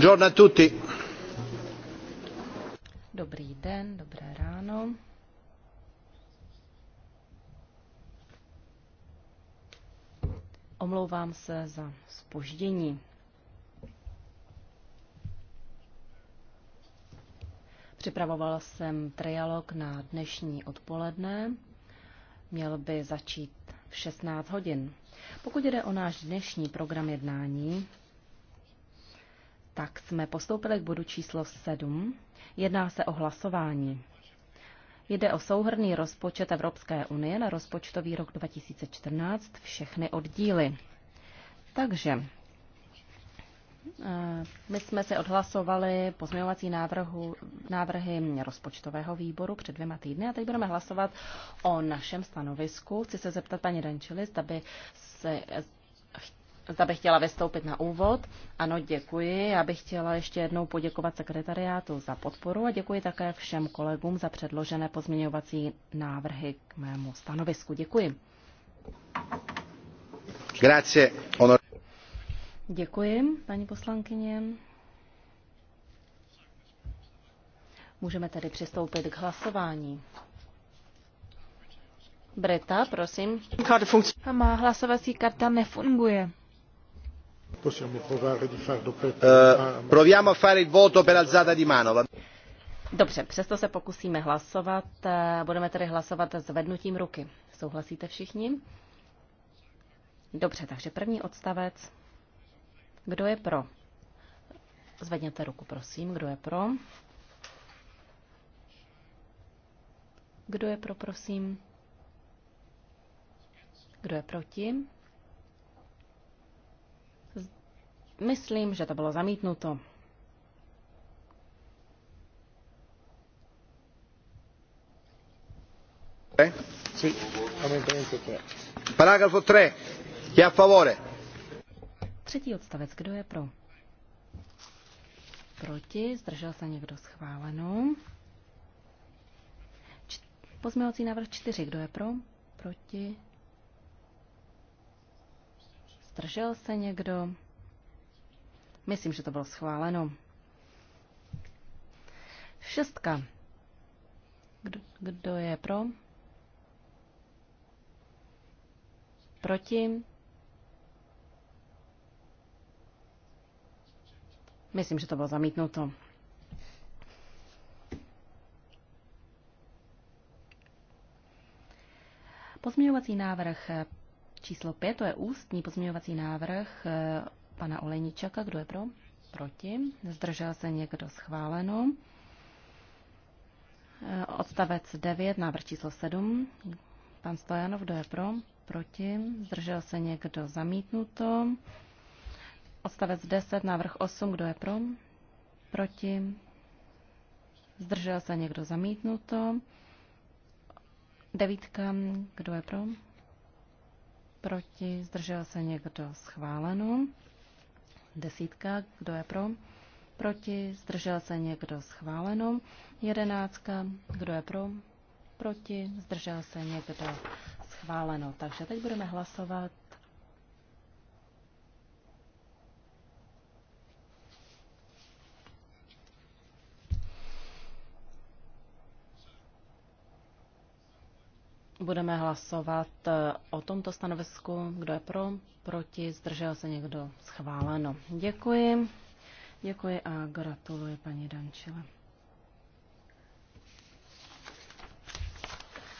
Buongiorno a tutti. Dobrý den, dobré ráno. Omlouvám se za spoždění. Připravovala jsem trialog na dnešní odpoledne. Měl by začít v 16 hodin. Pokud jde o náš dnešní program jednání, tak jsme postoupili k bodu číslo 7. Jedná se o hlasování. Jde o souhrný rozpočet Evropské unie na rozpočtový rok 2014, všechny oddíly. Takže eh, my jsme si odhlasovali pozměňovací návrhu, návrhy rozpočtového výboru před dvěma týdny a teď budeme hlasovat o našem stanovisku. Chci se zeptat paní Dančili, zda by se Zda bych chtěla vystoupit na úvod. Ano, děkuji. Já bych chtěla ještě jednou poděkovat sekretariátu za podporu a děkuji také všem kolegům za předložené pozměňovací návrhy k mému stanovisku. Děkuji. Grazie, honor... Děkuji, paní poslankyně. Můžeme tedy přistoupit k hlasování. Breta, prosím. Má hlasovací karta nefunguje. Possiamo provare di farlo e per... Eh, proviamo a fare il voto per alzata di mano. Dobře, přesto se pokusíme hlasovat. Eh, budeme tedy hlasovat vednutím ruky. Souhlasíte všichni? Dobře, takže první odstavec. Kdo je pro? Zvedněte ruku, prosím. Kdo je pro? Kdo je pro, prosím? Kdo je proti? Myslím, že to bylo zamítnuto. Sì, 3. Paragrafo 3. Chi favore? Třetí odstavec. Kdo je pro? Proti. Zdržel se někdo schváleno. Č- pozměňovací návrh 4. Kdo je pro? Proti. Zdržel se někdo? Myslím, že to bylo schváleno. Šestka. Kdo, kdo je pro? Proti? Myslím, že to bylo zamítnuto. Pozměňovací návrh číslo 5, to je ústní pozměňovací návrh pana Olejničaka. Kdo je pro? Proti. Zdržel se někdo schváleno. E, odstavec 9, návrh číslo 7. Pan Stojanov, kdo je pro? Proti. Zdržel se někdo zamítnuto. Odstavec 10, návrh 8, kdo je pro? Proti. Zdržel se někdo zamítnuto. Devítka, kdo je pro? Proti, zdržel se někdo schváleno. Desítka, kdo je pro? Proti, zdržel se někdo schváleno. Jedenáctka, kdo je pro? Proti, zdržel se někdo schváleno. Takže teď budeme hlasovat Budeme hlasovat e, o tomto stanovisku. Kdo je pro, proti, zdržel se někdo schváleno. Děkuji. Děkuji a gratuluji paní Dančile.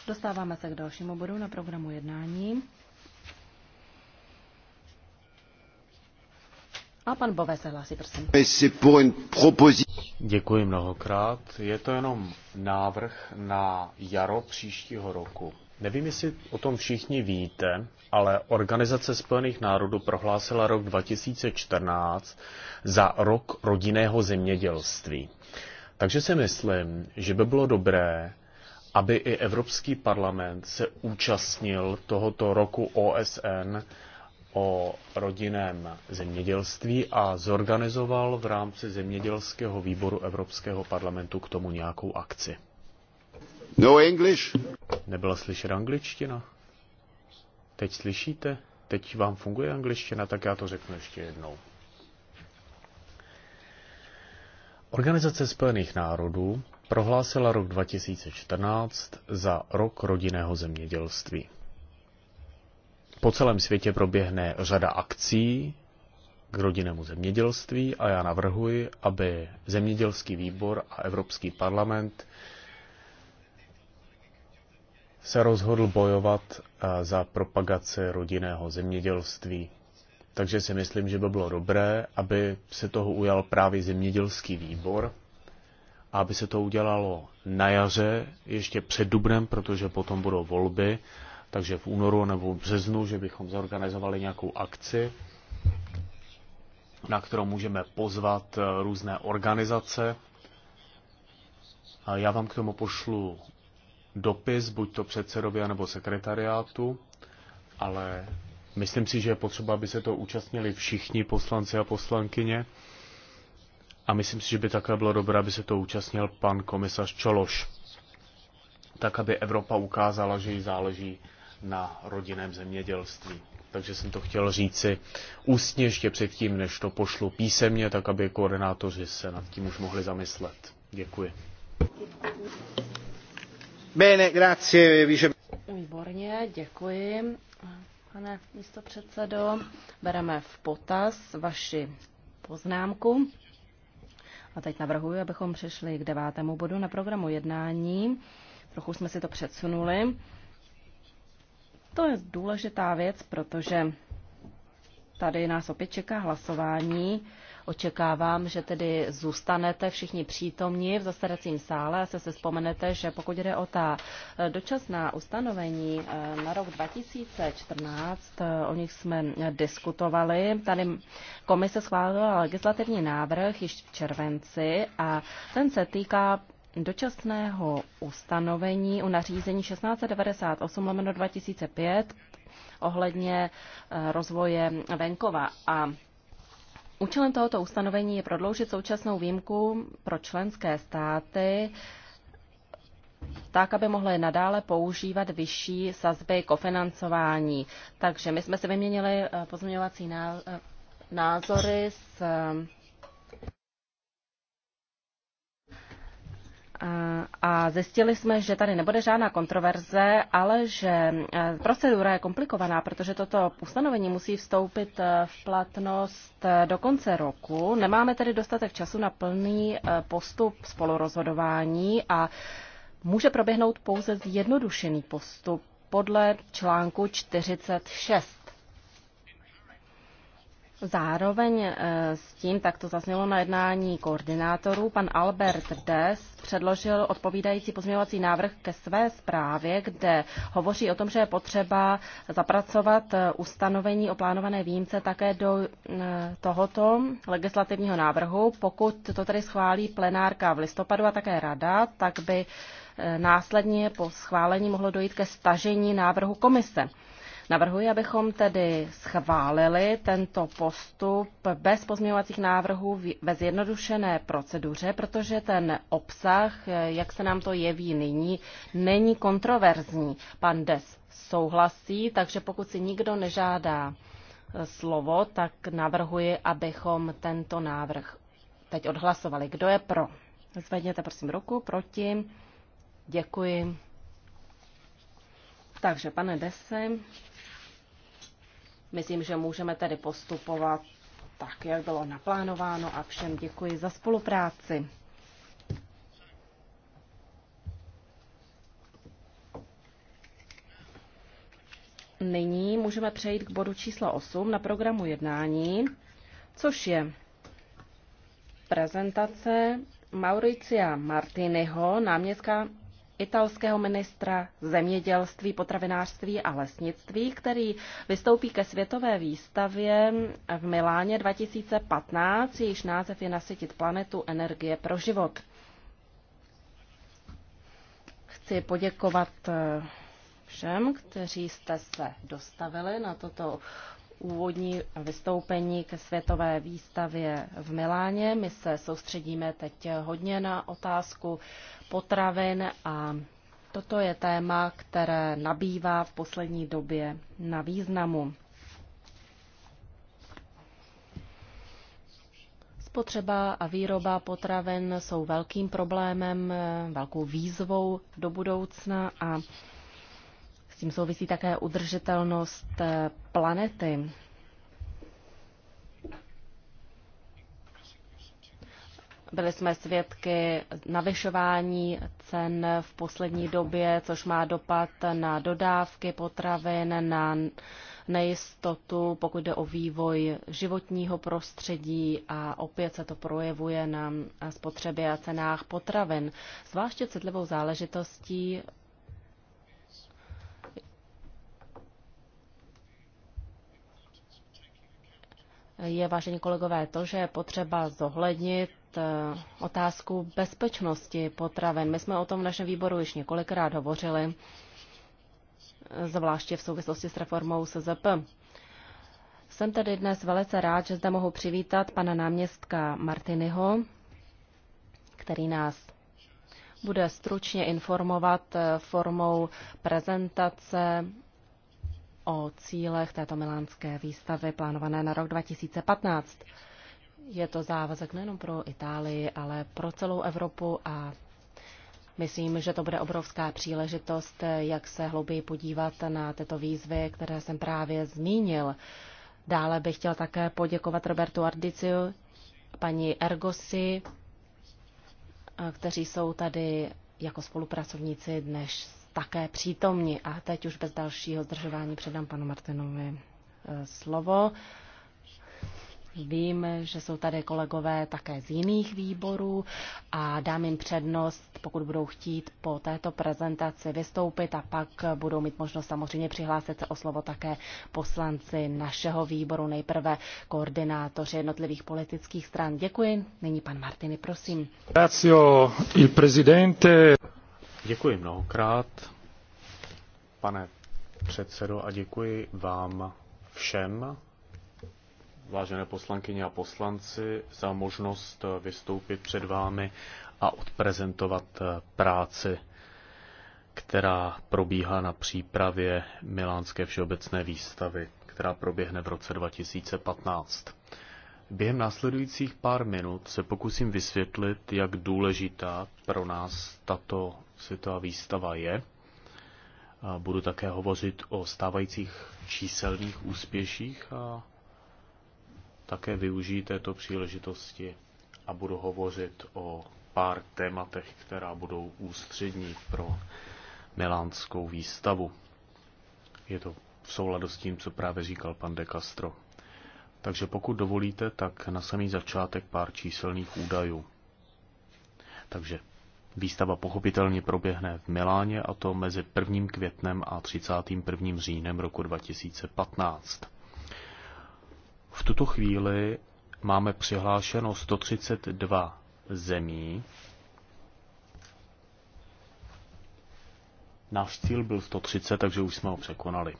Dostáváme se k dalšímu bodu na programu jednání. A pan Bové se hlásí, prosím. Děkuji mnohokrát. Je to jenom návrh na jaro příštího roku. Nevím, jestli o tom všichni víte, ale Organizace spojených národů prohlásila rok 2014 za rok rodinného zemědělství. Takže si myslím, že by bylo dobré, aby i Evropský parlament se účastnil tohoto roku OSN o rodinném zemědělství a zorganizoval v rámci zemědělského výboru Evropského parlamentu k tomu nějakou akci. No English? Nebyla slyšet angličtina? Teď slyšíte? Teď vám funguje angličtina, tak já to řeknu ještě jednou. Organizace Spojených národů prohlásila rok 2014 za rok rodinného zemědělství. Po celém světě proběhne řada akcí k rodinnému zemědělství a já navrhuji, aby Zemědělský výbor a Evropský parlament se rozhodl bojovat eh, za propagaci rodinného zemědělství. Takže si myslím, že by bylo dobré, aby se toho ujal právě zemědělský výbor, a aby se to udělalo na jaře, ještě před dubnem, protože potom budou volby, takže v únoru nebo v březnu, že bychom zorganizovali nějakou akci, na kterou můžeme pozvat eh, různé organizace. Já vám k tomu pošlu dopis, buď to předsedovi nebo sekretariátu, ale myslím si, že je potřeba, aby se to účastnili všichni poslanci a poslankyně. A myslím si, že by také bylo dobré, aby se to účastnil pan komisař Čološ. Tak, aby Evropa ukázala, že jí záleží na rodinném zemědělství. Takže jsem to chtěl říci ústně ještě předtím, než to pošlu písemně, tak aby koordinátoři se nad tím už mohli zamyslet. Děkuji. Výborně, děkuji. Pane místopředsedo, bereme v potaz vaši poznámku. A teď navrhuji, abychom přešli k devátému bodu na programu jednání. Trochu jsme si to předsunuli. To je důležitá věc, protože tady nás opět čeká hlasování. Očekávám, že tedy zůstanete všichni přítomní v zasedacím sále a se se vzpomenete, že pokud jde o ta eh, dočasná ustanovení eh, na rok 2014, eh, o nich jsme diskutovali. Tady komise schválila legislativní návrh již v červenci a ten se týká dočasného ustanovení u nařízení 1698 lomeno 2005 ohledně rozvoje venkova. A Účelem tohoto ustanovení je prodloužit současnou výjimku pro členské státy tak, aby mohly nadále používat vyšší sazby kofinancování. Takže my jsme si vyměnili eh, pozměňovací eh, názory s eh, Eh, a zjistili jsme, že tady nebude žádná kontroverze, ale že eh, procedura je komplikovaná, protože toto ustanovení musí vstoupit eh, v platnost do konce roku. Nemáme tedy dostatek času na plný postup spolurozhodování a může proběhnout pouze zjednodušený postup podle článku 46. Zároveň eh, s tím, tak to zaznělo na jednání koordinátorů, pan Albert Des předložil odpovídající pozměňovací návrh ke své zprávě, kde hovoří o tom, že je potřeba zapracovat eh, ustanovení o plánované výjimce také do eh, tohoto legislativního návrhu. Pokud to tedy schválí plenárka v listopadu a také rada, tak by následně po schválení mohlo dojít ke stažení návrhu komise. Navrhuji, abychom tedy schválili tento postup bez pozměňovacích návrhů ve zjednodušené proceduře, protože ten obsah, jak se nám to jeví nyní, není kontroverzní. Pan Des souhlasí, takže pokud si nikdo nežádá eh, slovo, tak navrhuji, abychom tento návrh teď odhlasovali. Kdo je pro? Zvedněte prosím ruku, proti. Děkuji. Takže, pane Desi, Myslím, že můžeme tedy postupovat tak, jak bylo naplánováno a všem děkuji za spolupráci. Nyní můžeme přejít k bodu číslo 8 na programu jednání, což je prezentace Mauricia Martiniho, náměstka italského ministra zemědělství, potravinářství a lesnictví, který vystoupí ke světové výstavě v Miláně 2015, jejíž název je Nasytit planetu energie pro život. Chci poděkovat eh, všem, kteří jste se dostavili na toto úvodní vystoupení ke světové výstavě v Miláně. My se soustředíme teď hodně na otázku potravin a toto je téma, které nabývá v poslední době na významu. Spotřeba a výroba potravin jsou velkým problémem, velkou výzvou do budoucna a tím souvisí také udržitelnost eh, planety. Byli jsme svědky navyšování cen v poslední době, což má dopad na dodávky potravin, na nejistotu, pokud jde o vývoj životního prostředí a opět se to projevuje na spotřebě a cenách potravin. Zvláště citlivou záležitostí je, vážení kolegové, to, že je potřeba zohlednit e, otázku bezpečnosti potravin. My jsme o tom v našem výboru již několikrát hovořili, zvláště v souvislosti s reformou SZP. Jsem tedy dnes velice rád, že zde mohu přivítat pana náměstka Martinyho, který nás bude stručně informovat e, formou prezentace o cílech této milánské výstavy plánované na rok 2015. Je to závazek nejen pro Itálii, ale pro celou Evropu a myslím, že to bude obrovská příležitost, jak se hlouběji podívat na tyto výzvy, které jsem právě zmínil. Dále bych chtěl také poděkovat Robertu Ardiciu, paní Ergosi, kteří jsou tady jako spolupracovníci dnes také přítomni. A teď už bez dalšího zdržování předám panu Martinovi eh, slovo. Vím, že jsou tady kolegové také z jiných výborů a dám jim přednost, pokud budou chtít po této prezentaci vystoupit a pak budou mít možnost samozřejmě přihlásit se o slovo také poslanci našeho výboru, nejprve koordinátoři jednotlivých politických stran. Děkuji. Nyní pan Martiny, prosím. Grazie, il presidente. Děkuji mnohokrát, pane předsedo, a děkuji vám všem, vážené poslankyně a poslanci, za možnost vystoupit před vámi a odprezentovat práci, která probíhá na přípravě Milánské všeobecné výstavy, která proběhne v roce 2015. Během následujících pár minut se pokusím vysvětlit, jak důležitá pro nás tato světová výstava je. A budu také hovořit o stávajících číselných úspěších a také využiji této příležitosti a budu hovořit o pár tématech, která budou ústřední pro milánskou výstavu. Je to v souladu s tím, co právě říkal pan de Castro. Takže pokud dovolíte, tak na samý začátek pár číselných údajů. Takže Výstava pochopitelně proběhne v Miláně a to mezi 1. květnem a 31. říjnem roku 2015. V tuto chvíli máme přihlášeno 132 zemí. Náš cíl byl 130, takže už jsme ho překonali.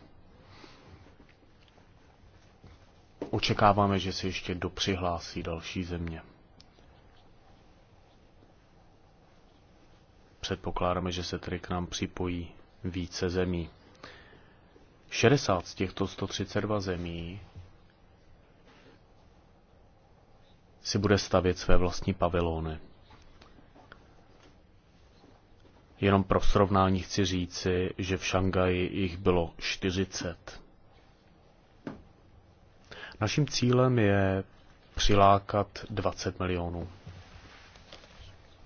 Očekáváme, že se ještě dopřihlásí další země. předpokládáme, že se tedy k nám připojí více zemí. 60 z těchto 132 zemí si bude stavět své vlastní pavilony. Jenom pro srovnání chci říci, že v Šangaji jich bylo 40. Naším cílem je přilákat 20 milionů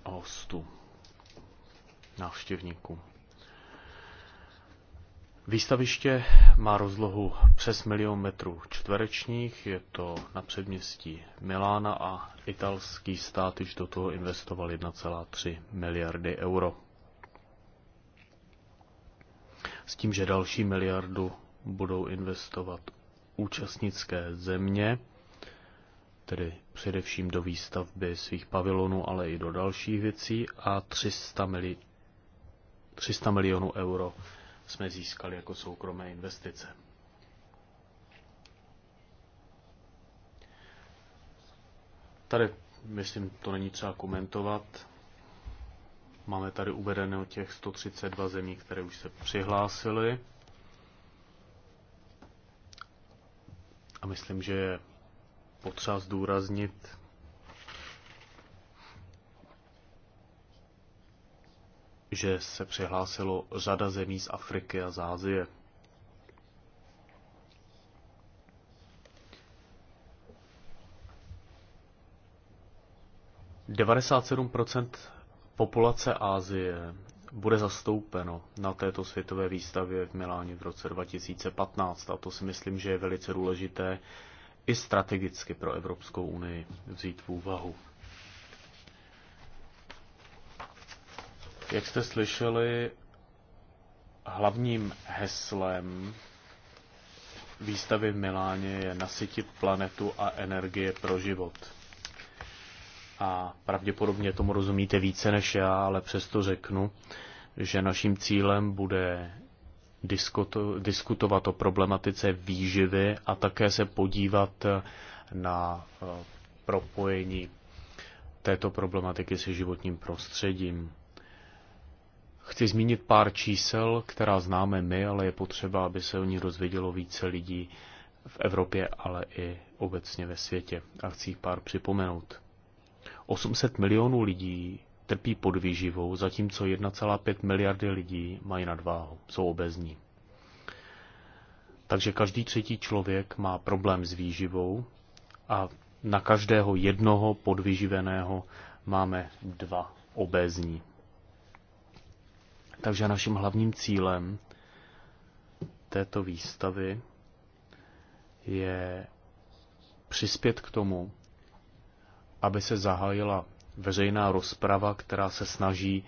hostů návštěvníků. Výstaviště má rozlohu přes milion metrů čtverečních, je to na předměstí Milána a italský stát již do toho investoval 1,3 miliardy euro. S tím, že další miliardu budou investovat účastnické země, tedy především do výstavby svých pavilonů, ale i do dalších věcí a 300 mili- 300 milionů euro jsme získali jako soukromé investice. Tady, myslím, to není třeba komentovat. Máme tady uvedené o těch 132 zemí, které už se přihlásily. A myslím, že je potřeba zdůraznit, že se přihlásilo řada zemí z Afriky a z Ázie. populace Ázie bude zastoupeno na této světové výstavě v Miláně v roce 2015 a to si myslím, že je velice důležité i strategicky pro Evropskou unii vzít v úvahu. Jak jste slyšeli, hlavním heslem výstavy v Miláně je nasytit planetu a energie pro život. A pravděpodobně tomu rozumíte více než já, ale přesto řeknu, že naším cílem bude diskutovat o problematice výživy a také se podívat na eh, propojení této problematiky se životním prostředím. Chci zmínit pár čísel, která známe my, ale je potřeba, aby se o ní rozvědělo více lidí v Evropě, ale i obecně ve světě. A chci jich pár připomenout. 800 milionů lidí trpí podvýživou, zatímco 1,5 miliardy lidí mají nadváhu, jsou obezní. Takže každý třetí člověk má problém s výživou a na každého jednoho podvyživeného máme dva obezní. Takže naším hlavním cílem této výstavy je přispět k tomu, aby se zahájila veřejná rozprava, která se snaží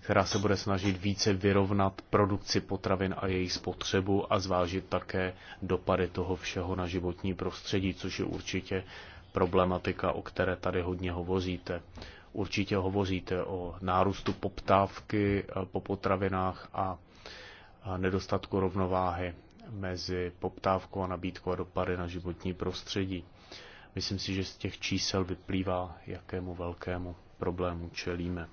která se bude snažit více vyrovnat produkci potravin a jejich spotřebu a zvážit také dopady toho všeho na životní prostředí, což je určitě problematika, o které tady hodně hovoříte určitě hovoříte o nárůstu poptávky eh, po potravinách a nedostatku rovnováhy mezi poptávkou a nabídkou a dopady na životní prostředí. Myslím si, že z těch čísel vyplývá, jakému velkému problému čelíme.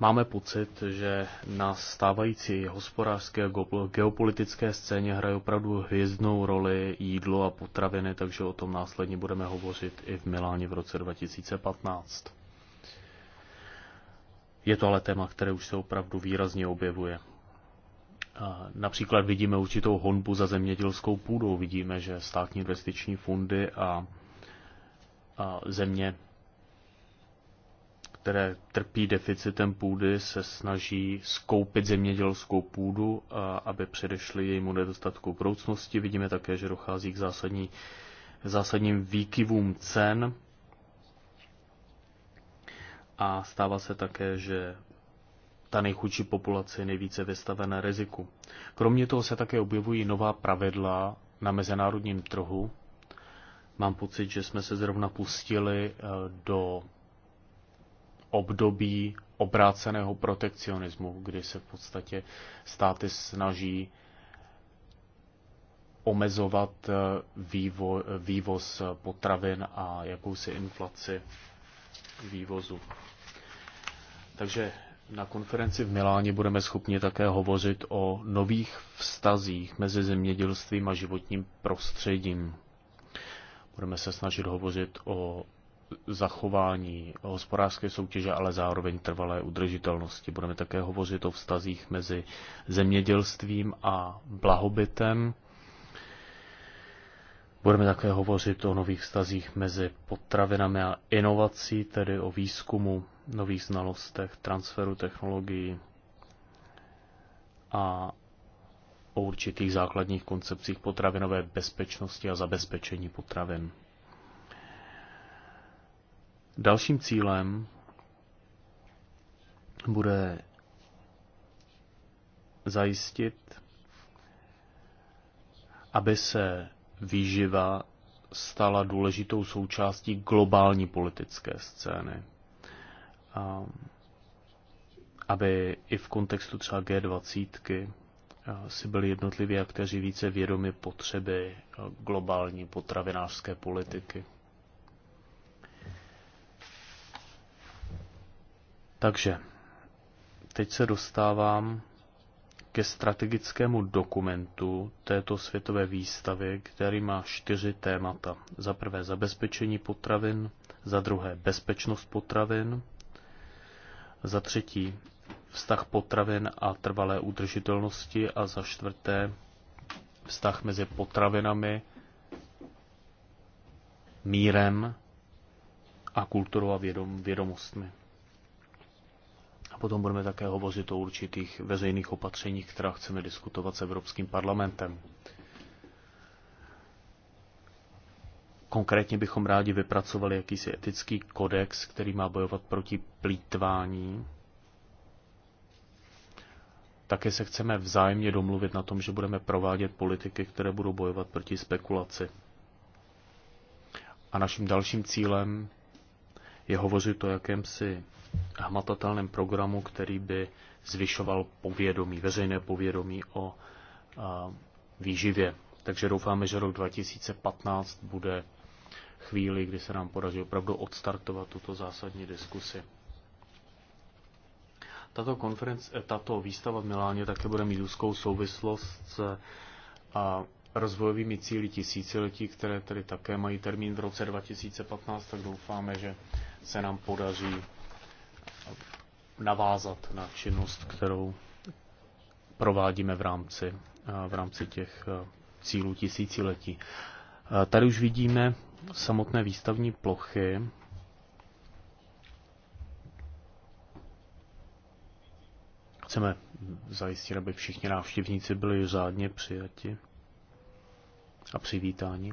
Máme pocit, že na stávající hospodářské a geopolitické scéně hraje opravdu hvězdnou roli jídlo a potraviny, takže o tom následně budeme hovořit i v Miláně v roce 2015. Je to ale téma, které už se opravdu výrazně objevuje. Například vidíme určitou honbu za zemědělskou půdou. Vidíme, že státní investiční fondy a země které trpí deficitem půdy, se snaží skoupit zemědělskou půdu, aby předešli jejímu nedostatku budoucnosti. Vidíme také, že dochází k zásadní, zásadním výkyvům cen a stává se také, že ta nejchudší populace je nejvíce vystavena riziku. Kromě toho se také objevují nová pravidla na mezinárodním trhu. Mám pocit, že jsme se zrovna pustili eh, do období obráceného protekcionismu, kdy se v podstatě státy snaží omezovat eh, vývo, vývoz potravin a jakousi inflaci vývozu. Takže na konferenci v Miláně budeme schopni také hovořit o nových vztazích mezi zemědělstvím a životním prostředím. Budeme se snažit hovořit o zachování hospodářské soutěže, ale zároveň trvalé udržitelnosti. Budeme také hovořit o vztazích mezi zemědělstvím a blahobytem. Budeme také hovořit o nových vztazích mezi potravinami a inovací, tedy o výzkumu, nových znalostech, transferu technologií a o určitých základních koncepcích potravinové bezpečnosti a zabezpečení potravin. Dalším cílem bude zajistit, aby se výživa stala důležitou součástí globální politické scény. Aby i v kontextu třeba G20 si byli jednotliví aktéři více vědomi potřeby globální potravinářské politiky. Takže teď se dostávám ke strategickému dokumentu této světové výstavy, který má čtyři témata. Za prvé zabezpečení potravin, za druhé bezpečnost potravin, za třetí vztah potravin a trvalé udržitelnosti a za čtvrté vztah mezi potravinami, mírem a kulturou a vědom, vědomostmi. A potom budeme také hovořit o určitých veřejných opatřeních, která chceme diskutovat s Evropským parlamentem. Konkrétně bychom rádi vypracovali jakýsi etický kodex, který má bojovat proti plítvání. Také se chceme vzájemně domluvit na tom, že budeme provádět politiky, které budou bojovat proti spekulaci. A naším dalším cílem je hovořit o jakémsi hmatatelném programu, který by zvyšoval povědomí, veřejné povědomí o a, výživě. Takže doufáme, že rok 2015 bude chvíli, kdy se nám podaří opravdu odstartovat tuto zásadní diskusi. Tato, konference, eh, tato výstava v Miláně také bude mít úzkou souvislost s a, rozvojovými cíly tisíciletí, které tedy také mají termín v roce 2015, tak doufáme, že se nám podaří navázat na činnost, kterou provádíme v rámci, v rámci těch eh, cílů tisíciletí. Eh, tady už vidíme samotné výstavní plochy. Chceme zajistit, aby všichni návštěvníci byli řádně přijati a přivítáni.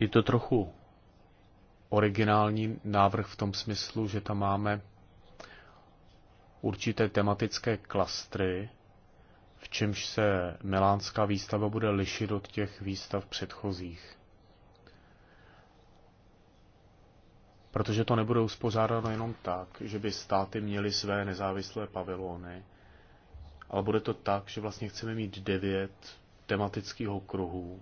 Je to trochu originální návrh v tom smyslu, že tam máme určité tematické klastry, v čemž se Milánská výstava bude lišit od těch výstav předchozích. Protože to nebude uspořádáno jenom tak, že by státy měly své nezávislé pavilony, ale bude to tak, že vlastně chceme mít devět tematických okruhů,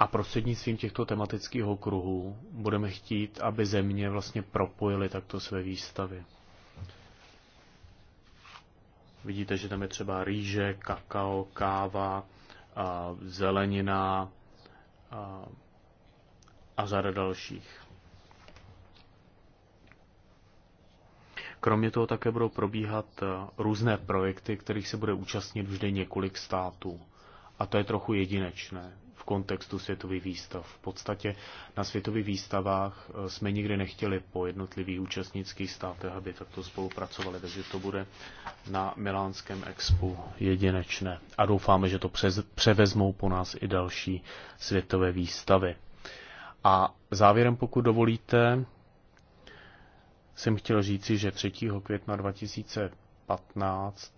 A prostřednictvím těchto tematických okruhů budeme chtít, aby země vlastně propojily takto své výstavy. Vidíte, že tam je třeba rýže, kakao, káva, zelenina a řada dalších. Kromě toho také budou probíhat různé projekty, kterých se bude účastnit vždy několik států. A to je trochu jedinečné kontextu světových výstav. V podstatě na světových výstavách eh, jsme nikdy nechtěli po jednotlivých účastnických státech, aby takto spolupracovali, takže to bude na Milánském expu jedinečné. A doufáme, že to převezmou po nás i další světové výstavy. A závěrem, pokud dovolíte, jsem chtěl říci, že 3. května 2015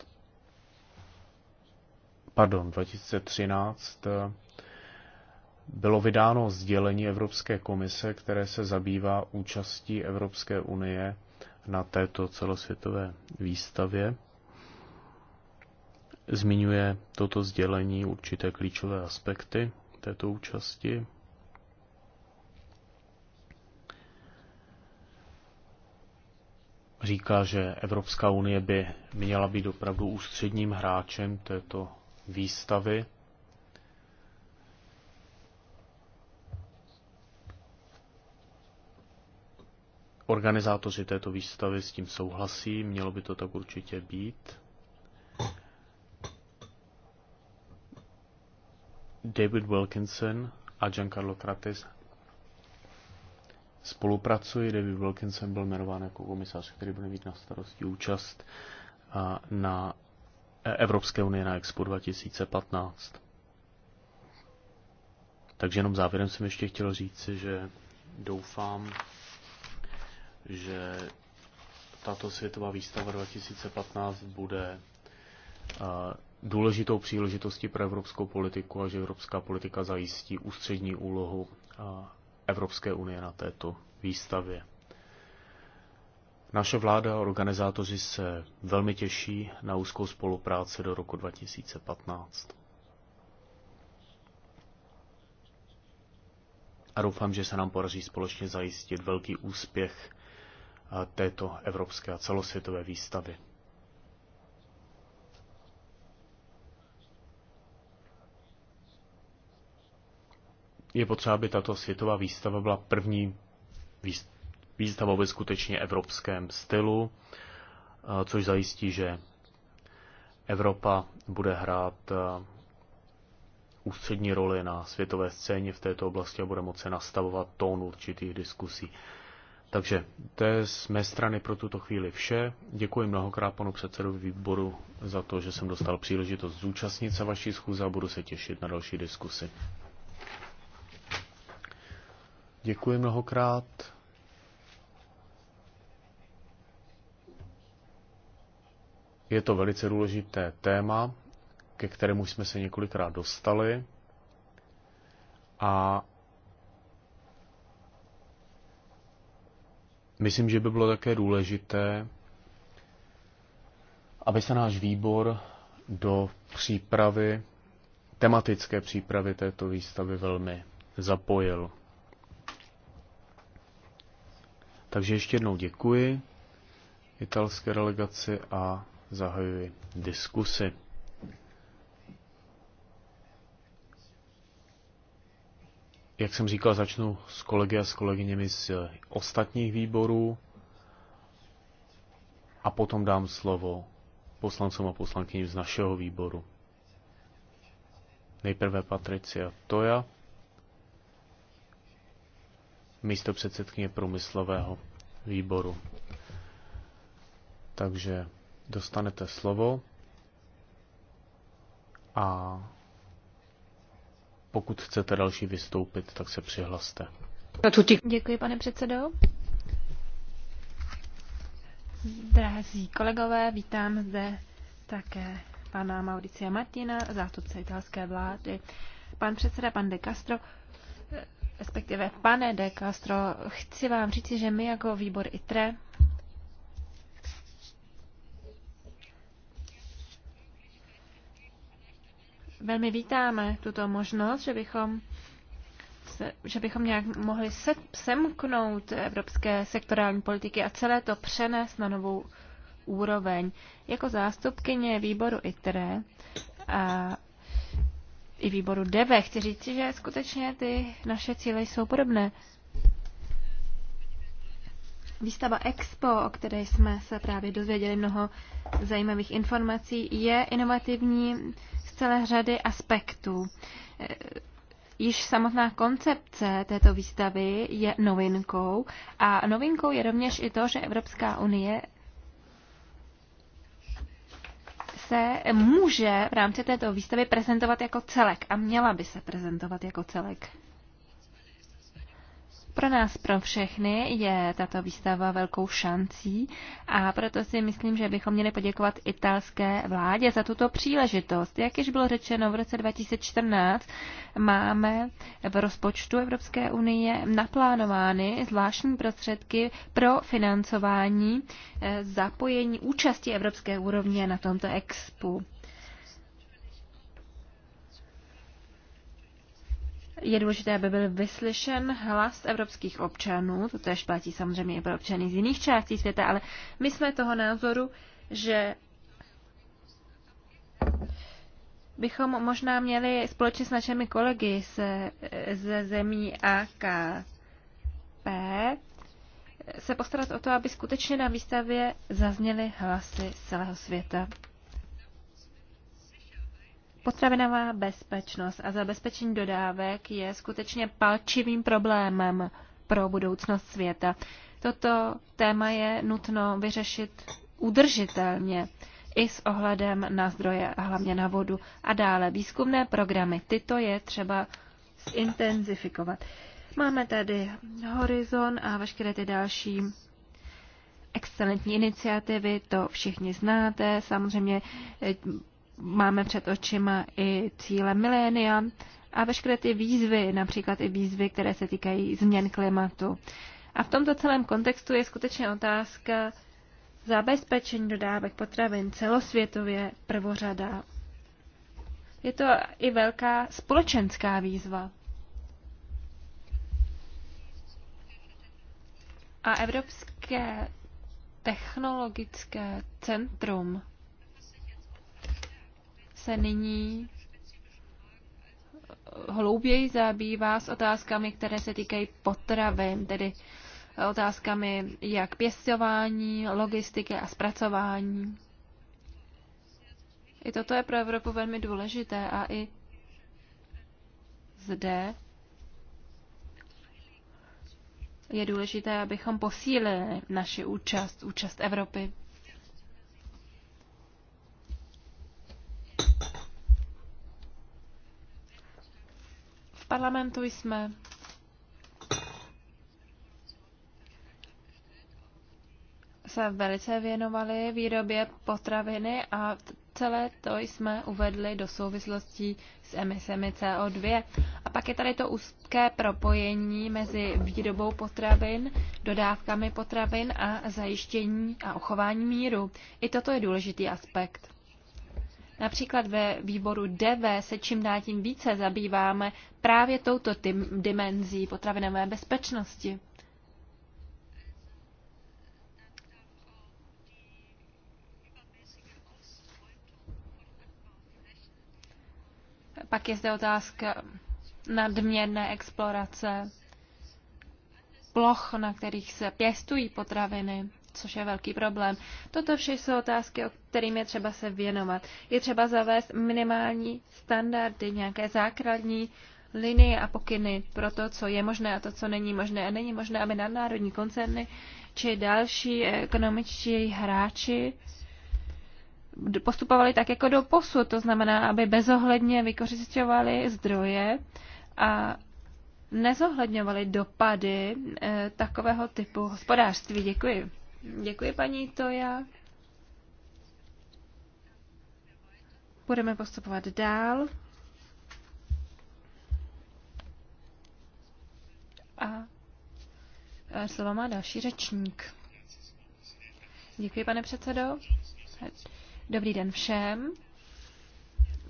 pardon, 2013 bylo vydáno sdělení Evropské komise, které se zabývá účastí Evropské unie na této celosvětové výstavě. Zmiňuje toto sdělení určité klíčové aspekty této účasti. Říká, že Evropská unie by měla být opravdu ústředním hráčem této výstavy Organizátoři této výstavy s tím souhlasí, mělo by to tak určitě být. David Wilkinson a Giancarlo Kratis spolupracují. David Wilkinson byl jmenován jako komisař, který bude mít na starosti účast na Evropské unie na Expo 2015. Takže jenom závěrem jsem ještě chtěl říct, že doufám, že tato světová výstava 2015 bude eh, důležitou příležitostí pro evropskou politiku a že evropská politika zajistí ústřední úlohu eh, Evropské unie na této výstavě. Naše vláda a organizátoři se velmi těší na úzkou spolupráci do roku 2015. A doufám, že se nám podaří společně zajistit velký úspěch této evropské a celosvětové výstavy. Je potřeba, aby tato světová výstava byla první výstavou ve skutečně evropském stylu, což zajistí, že Evropa bude hrát ústřední roli na světové scéně v této oblasti a bude moci nastavovat tón určitých diskusí. Takže to je z mé strany pro tuto chvíli vše. Děkuji mnohokrát panu předsedovi výboru za to, že jsem dostal příležitost zúčastnit se vaší schůze a budu se těšit na další diskusy. Děkuji mnohokrát. Je to velice důležité téma, ke kterému jsme se několikrát dostali a Myslím, že by bylo také důležité, aby se náš výbor do přípravy, tematické přípravy této výstavy velmi zapojil. Takže ještě jednou děkuji italské delegaci a zahajuji diskusy. Jak jsem říkal, začnu s kolegy a s kolegyněmi z eh, ostatních výborů a potom dám slovo poslancům a poslankyním z našeho výboru. Nejprve Patricia Toja, místo předsedkyně průmyslového výboru. Takže dostanete slovo a pokud chcete další vystoupit, tak se přihlaste. Děkuji, pane předsedo. Drazí kolegové, vítám zde také pana Mauricia Martina, zástupce italské vlády. Pan předseda, pan de Castro, respektive pane de Castro, chci vám říci, že my jako výbor ITRE velmi vítáme tuto možnost, že bychom se, že bychom nějak mohli se, semknout evropské sektorální politiky a celé to přenést na novou úroveň. Jako zástupkyně výboru ITRE a i výboru DEVE chci říct, že skutečně ty naše cíle jsou podobné. Výstava Expo, o které jsme se právě dozvěděli mnoho zajímavých informací, je inovativní celé řady aspektů. Eh, již samotná koncepce této výstavy je novinkou a novinkou je rovněž i to, že Evropská unie se může v rámci této výstavy prezentovat jako celek a měla by se prezentovat jako celek. Pro nás, pro všechny, je tato výstava velkou šancí a proto si myslím, že bychom měli poděkovat italské vládě za tuto příležitost. Jak již bylo řečeno, v roce 2014 máme v rozpočtu Evropské unie naplánovány zvláštní prostředky pro financování eh, zapojení účasti evropské úrovně na tomto expu. Je důležité, aby byl vyslyšen hlas evropských občanů, to tež platí samozřejmě i pro občany z jiných částí světa, ale my jsme toho názoru, že bychom možná měli společně s našimi kolegy se, ze zemí AKP se postarat o to, aby skutečně na výstavě zazněly hlasy z celého světa. Potravinová bezpečnost a zabezpečení dodávek je skutečně palčivým problémem pro budoucnost světa. Toto téma je nutno vyřešit udržitelně i s ohledem na zdroje a hlavně na vodu. A dále výzkumné programy. Tyto je třeba zintenzifikovat. Máme tady Horizon a veškeré ty další excelentní iniciativy, to všichni znáte. Samozřejmě eh, máme před očima i cíle milénia a veškeré ty výzvy, například i výzvy, které se týkají změn klimatu. A v tomto celém kontextu je skutečně otázka zabezpečení dodávek potravin celosvětově prvořada. Je to i velká společenská výzva. A Evropské technologické centrum se nyní hlouběji zabývá s otázkami, které se týkají potravin, tedy otázkami jak pěstování, logistiky a zpracování. I toto je pro Evropu velmi důležité a i zde je důležité, abychom posílili naši účast, účast Evropy. parlamentu jsme se velice věnovali výrobě potraviny a celé to jsme uvedli do souvislostí s emisemi CO2. A pak je tady to úzké propojení mezi výrobou potravin, dodávkami potravin a zajištění a uchování míru. I toto je důležitý aspekt. Například ve výboru DV se čím dál tím více zabýváme právě touto dimenzí potravinové bezpečnosti. Pak je zde otázka nadměrné explorace ploch, na kterých se pěstují potraviny což je velký problém. Toto vše jsou otázky, o kterým je třeba se věnovat. Je třeba zavést minimální standardy, nějaké základní linie a pokyny pro to, co je možné a to, co není možné. A není možné, aby nadnárodní koncerny či další ekonomičtí hráči postupovali tak jako do posud, to znamená, aby bezohledně vykořišťovali zdroje a nezohledňovali dopady eh, takového typu hospodářství. Děkuji. Děkuji, paní Toja. Budeme postupovat dál. A slova má další řečník. Děkuji, pane předsedo. Dobrý den všem.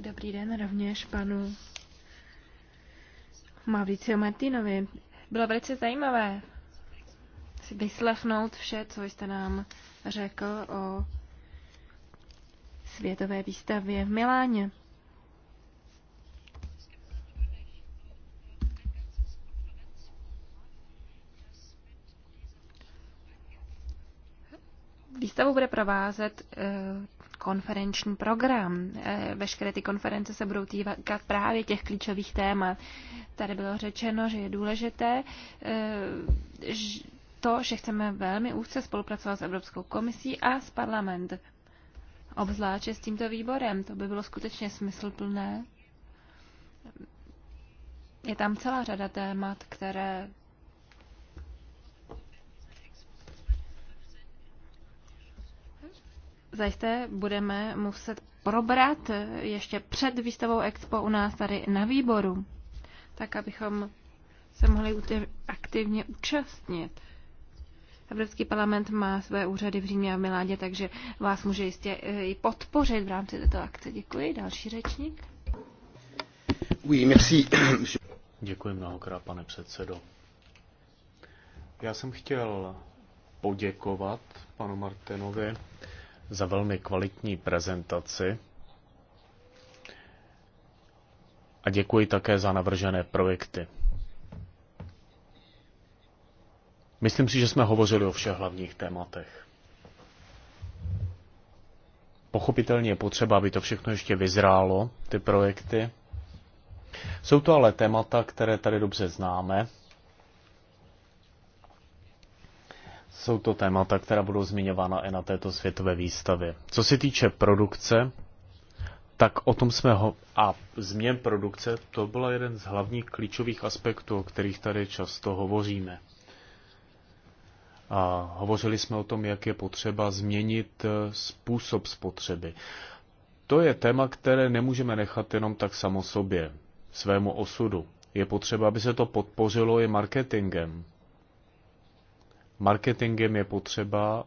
Dobrý den rovněž panu Mauricio Martinovi. Bylo velice zajímavé vyslechnout vše, co jste nám řekl o světové výstavě v Miláně. Výstavu bude provázet eh, konferenční program. Eh, veškeré ty konference se budou týkat právě těch klíčových témat. Tady bylo řečeno, že je důležité eh, to, že chceme velmi úzce spolupracovat s Evropskou komisí a s parlamentem. Obzvláště s tímto výborem, to by bylo skutečně smysluplné. Je tam celá řada témat, které zajisté budeme muset probrat ještě před výstavou Expo u nás tady na výboru, tak abychom se mohli aktivně účastnit. Evropský parlament má své úřady v Římě a v Miládě, takže vás může jistě eh, i podpořit v rámci této akce. Děkuji. Další řečník. Oui, merci. Děkuji mnohokrát, pane předsedo. Já jsem chtěl poděkovat panu Martinovi za velmi kvalitní prezentaci a děkuji také za navržené projekty. Myslím si, že jsme hovořili o všech hlavních tématech. Pochopitelně je potřeba, aby to všechno ještě vyzrálo, ty projekty. Jsou to ale témata, které tady dobře známe. Jsou to témata, která budou zmiňována i na této světové výstavě. Co se týče produkce, tak o tom jsme ho... A změn produkce, to byl jeden z hlavních klíčových aspektů, o kterých tady často hovoříme. A hovořili jsme o tom, jak je potřeba změnit eh, způsob spotřeby. To je téma, které nemůžeme nechat jenom tak samo sobě, svému osudu. Je potřeba, aby se to podpořilo i marketingem. Marketingem je potřeba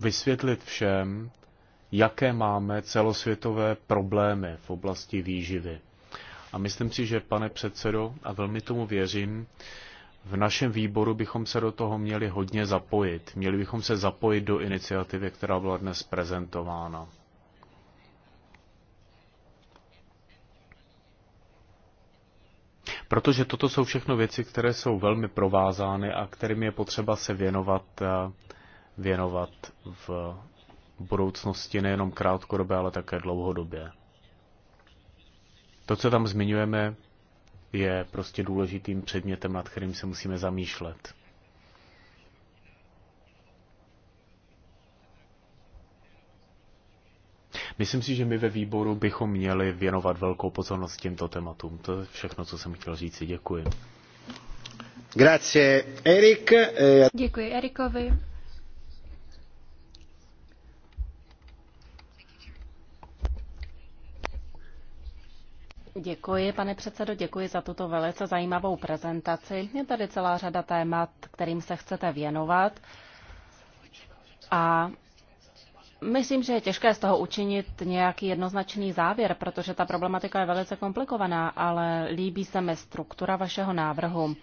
vysvětlit všem, jaké máme celosvětové problémy v oblasti výživy. A myslím si, že, pane předsedo, a velmi tomu věřím, v našem výboru bychom se do toho měli hodně zapojit. Měli bychom se zapojit do iniciativy, která byla dnes prezentována. Protože toto jsou všechno věci, které jsou velmi provázány a kterým je potřeba se věnovat, eh, věnovat v budoucnosti nejenom krátkodobě, ale také dlouhodobě. To, co tam zmiňujeme, je prostě důležitým předmětem, nad kterým se musíme zamýšlet. Myslím si, že my ve výboru bychom měli věnovat velkou pozornost těmto tématům. To je všechno, co jsem chtěl říct. Děkuji. Grazie, Eric. Eh, Děkuji Erikovi. Děkuji, pane předsedo, děkuji za tuto velice zajímavou prezentaci. Je tady celá řada témat, kterým se chcete věnovat. A myslím, že je těžké z toho učinit nějaký jednoznačný závěr, protože ta problematika je velice komplikovaná, ale líbí se mi struktura vašeho návrhu.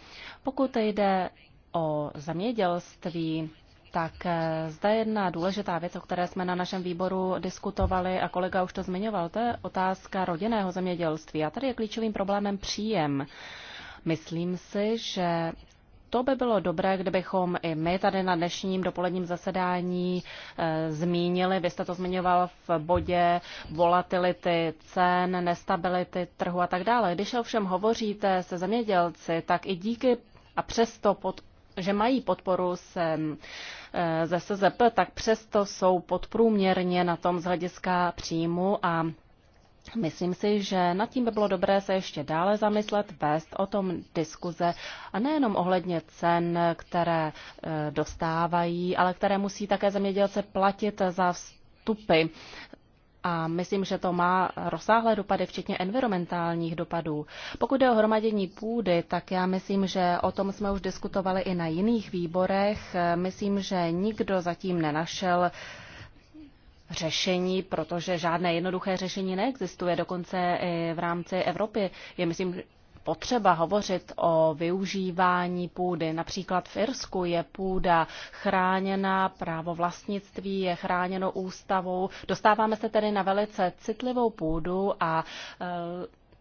Pokud jde o zemědělství, tak eh, zde jedna důležitá věc, o které jsme na našem výboru diskutovali a kolega už to zmiňoval, to je otázka rodinného zemědělství. A tady je klíčovým problémem příjem. Myslím si, že to by bylo dobré, kdybychom i my tady na dnešním dopoledním zasedání e, zmínili, vy jste to zmiňoval v bodě volatility cen, nestability trhu a tak dále. Když ovšem hovoříte se zemědělci, tak i díky a přesto pod že mají podporu se, eh, ze SZP, tak přesto jsou podprůměrně na tom z hlediska příjmu a Myslím si, že nad tím by bylo dobré se ještě dále zamyslet, vést o tom diskuze a nejenom ohledně cen, které eh, dostávají, ale které musí také zemědělce platit za vstupy a myslím, že to má rozsáhlé dopady, včetně environmentálních dopadů. Pokud jde o hromadění půdy, tak já myslím, že o tom jsme už diskutovali i na jiných výborech. Myslím, že nikdo zatím nenašel řešení, protože žádné jednoduché řešení neexistuje. Dokonce i v rámci Evropy je, myslím, potřeba hovořit o využívání půdy. Například v Irsku je půda chráněna, právo vlastnictví je chráněno ústavou. Dostáváme se tedy na velice citlivou půdu a e,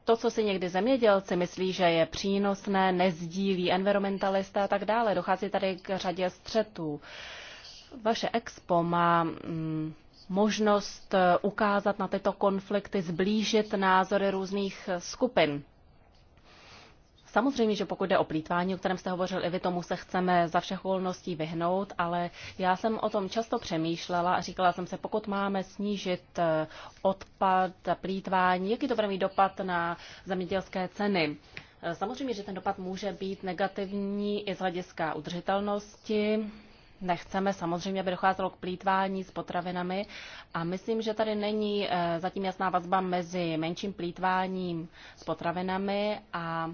to, co si někdy zemědělci myslí, že je přínosné, nezdílí environmentalisté a tak dále. Dochází tady k řadě střetů. Vaše expo má mm, možnost ukázat na tyto konflikty, zblížit názory různých skupin. Samozřejmě, že pokud jde o plítvání, o kterém jste hovořil, i vy tomu se chceme za všech okolností vyhnout, ale já jsem o tom často přemýšlela a říkala jsem se, pokud máme snížit eh, odpad, plítvání, jaký to bude mít dopad na zemědělské ceny. Eh, samozřejmě, že ten dopad může být negativní i z hlediska udržitelnosti, nechceme samozřejmě, aby docházelo k plítvání s potravinami a myslím, že tady není eh, zatím jasná vazba mezi menším plítváním s potravinami a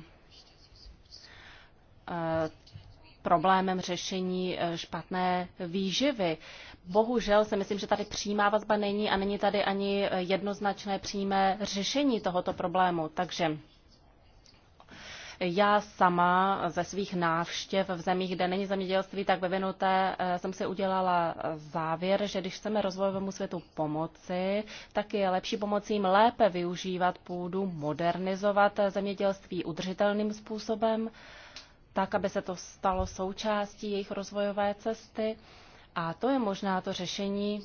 Eh, problémem řešení eh, špatné výživy. Bohužel si myslím, že tady přímá vazba není a není tady ani jednoznačné přímé řešení tohoto problému. Takže já sama ze svých návštěv v zemích, kde není zemědělství tak vyvinuté, eh, jsem si udělala závěr, že když chceme rozvojovému světu pomoci, tak je lepší pomocí jim lépe využívat půdu, modernizovat zemědělství udržitelným způsobem tak, aby se to stalo součástí jejich rozvojové cesty. A to je možná to řešení,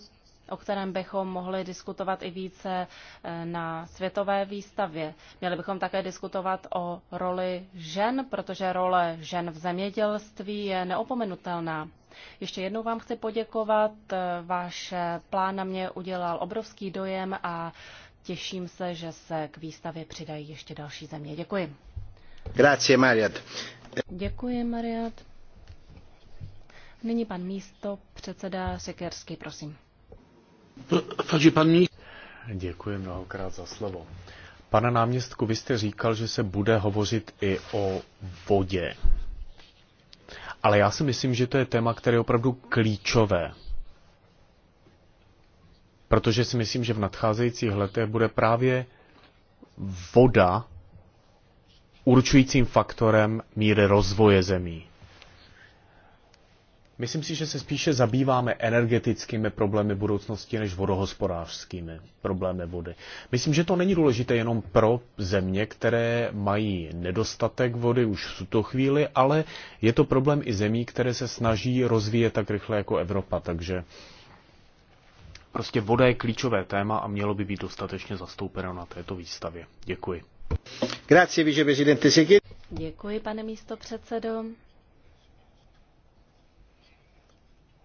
o kterém bychom mohli diskutovat i více eh, na světové výstavě. Měli bychom také diskutovat o roli žen, protože role žen v zemědělství je neopomenutelná. Ještě jednou vám chci poděkovat. Eh, váš eh, plán na mě udělal obrovský dojem a těším se, že se k výstavě přidají ještě další země. Děkuji. Děkuji, Mariat. Nyní pan místo, předseda Sekerský, prosím. Děkuji mnohokrát za slovo. Pane náměstku, vy jste říkal, že se bude hovořit i o vodě. Ale já si myslím, že to je téma, které je opravdu klíčové. Protože si myslím, že v nadcházejících letech bude právě voda určujícím faktorem míry rozvoje zemí. Myslím si, že se spíše zabýváme energetickými problémy budoucnosti než vodohospodářskými problémy vody. Myslím, že to není důležité jenom pro země, které mají nedostatek vody už v tuto chvíli, ale je to problém i zemí, které se snaží rozvíjet tak rychle jako Evropa. Takže prostě voda je klíčové téma a mělo by být dostatečně zastoupeno na této výstavě. Děkuji. Děkuji, pane místo předsedo.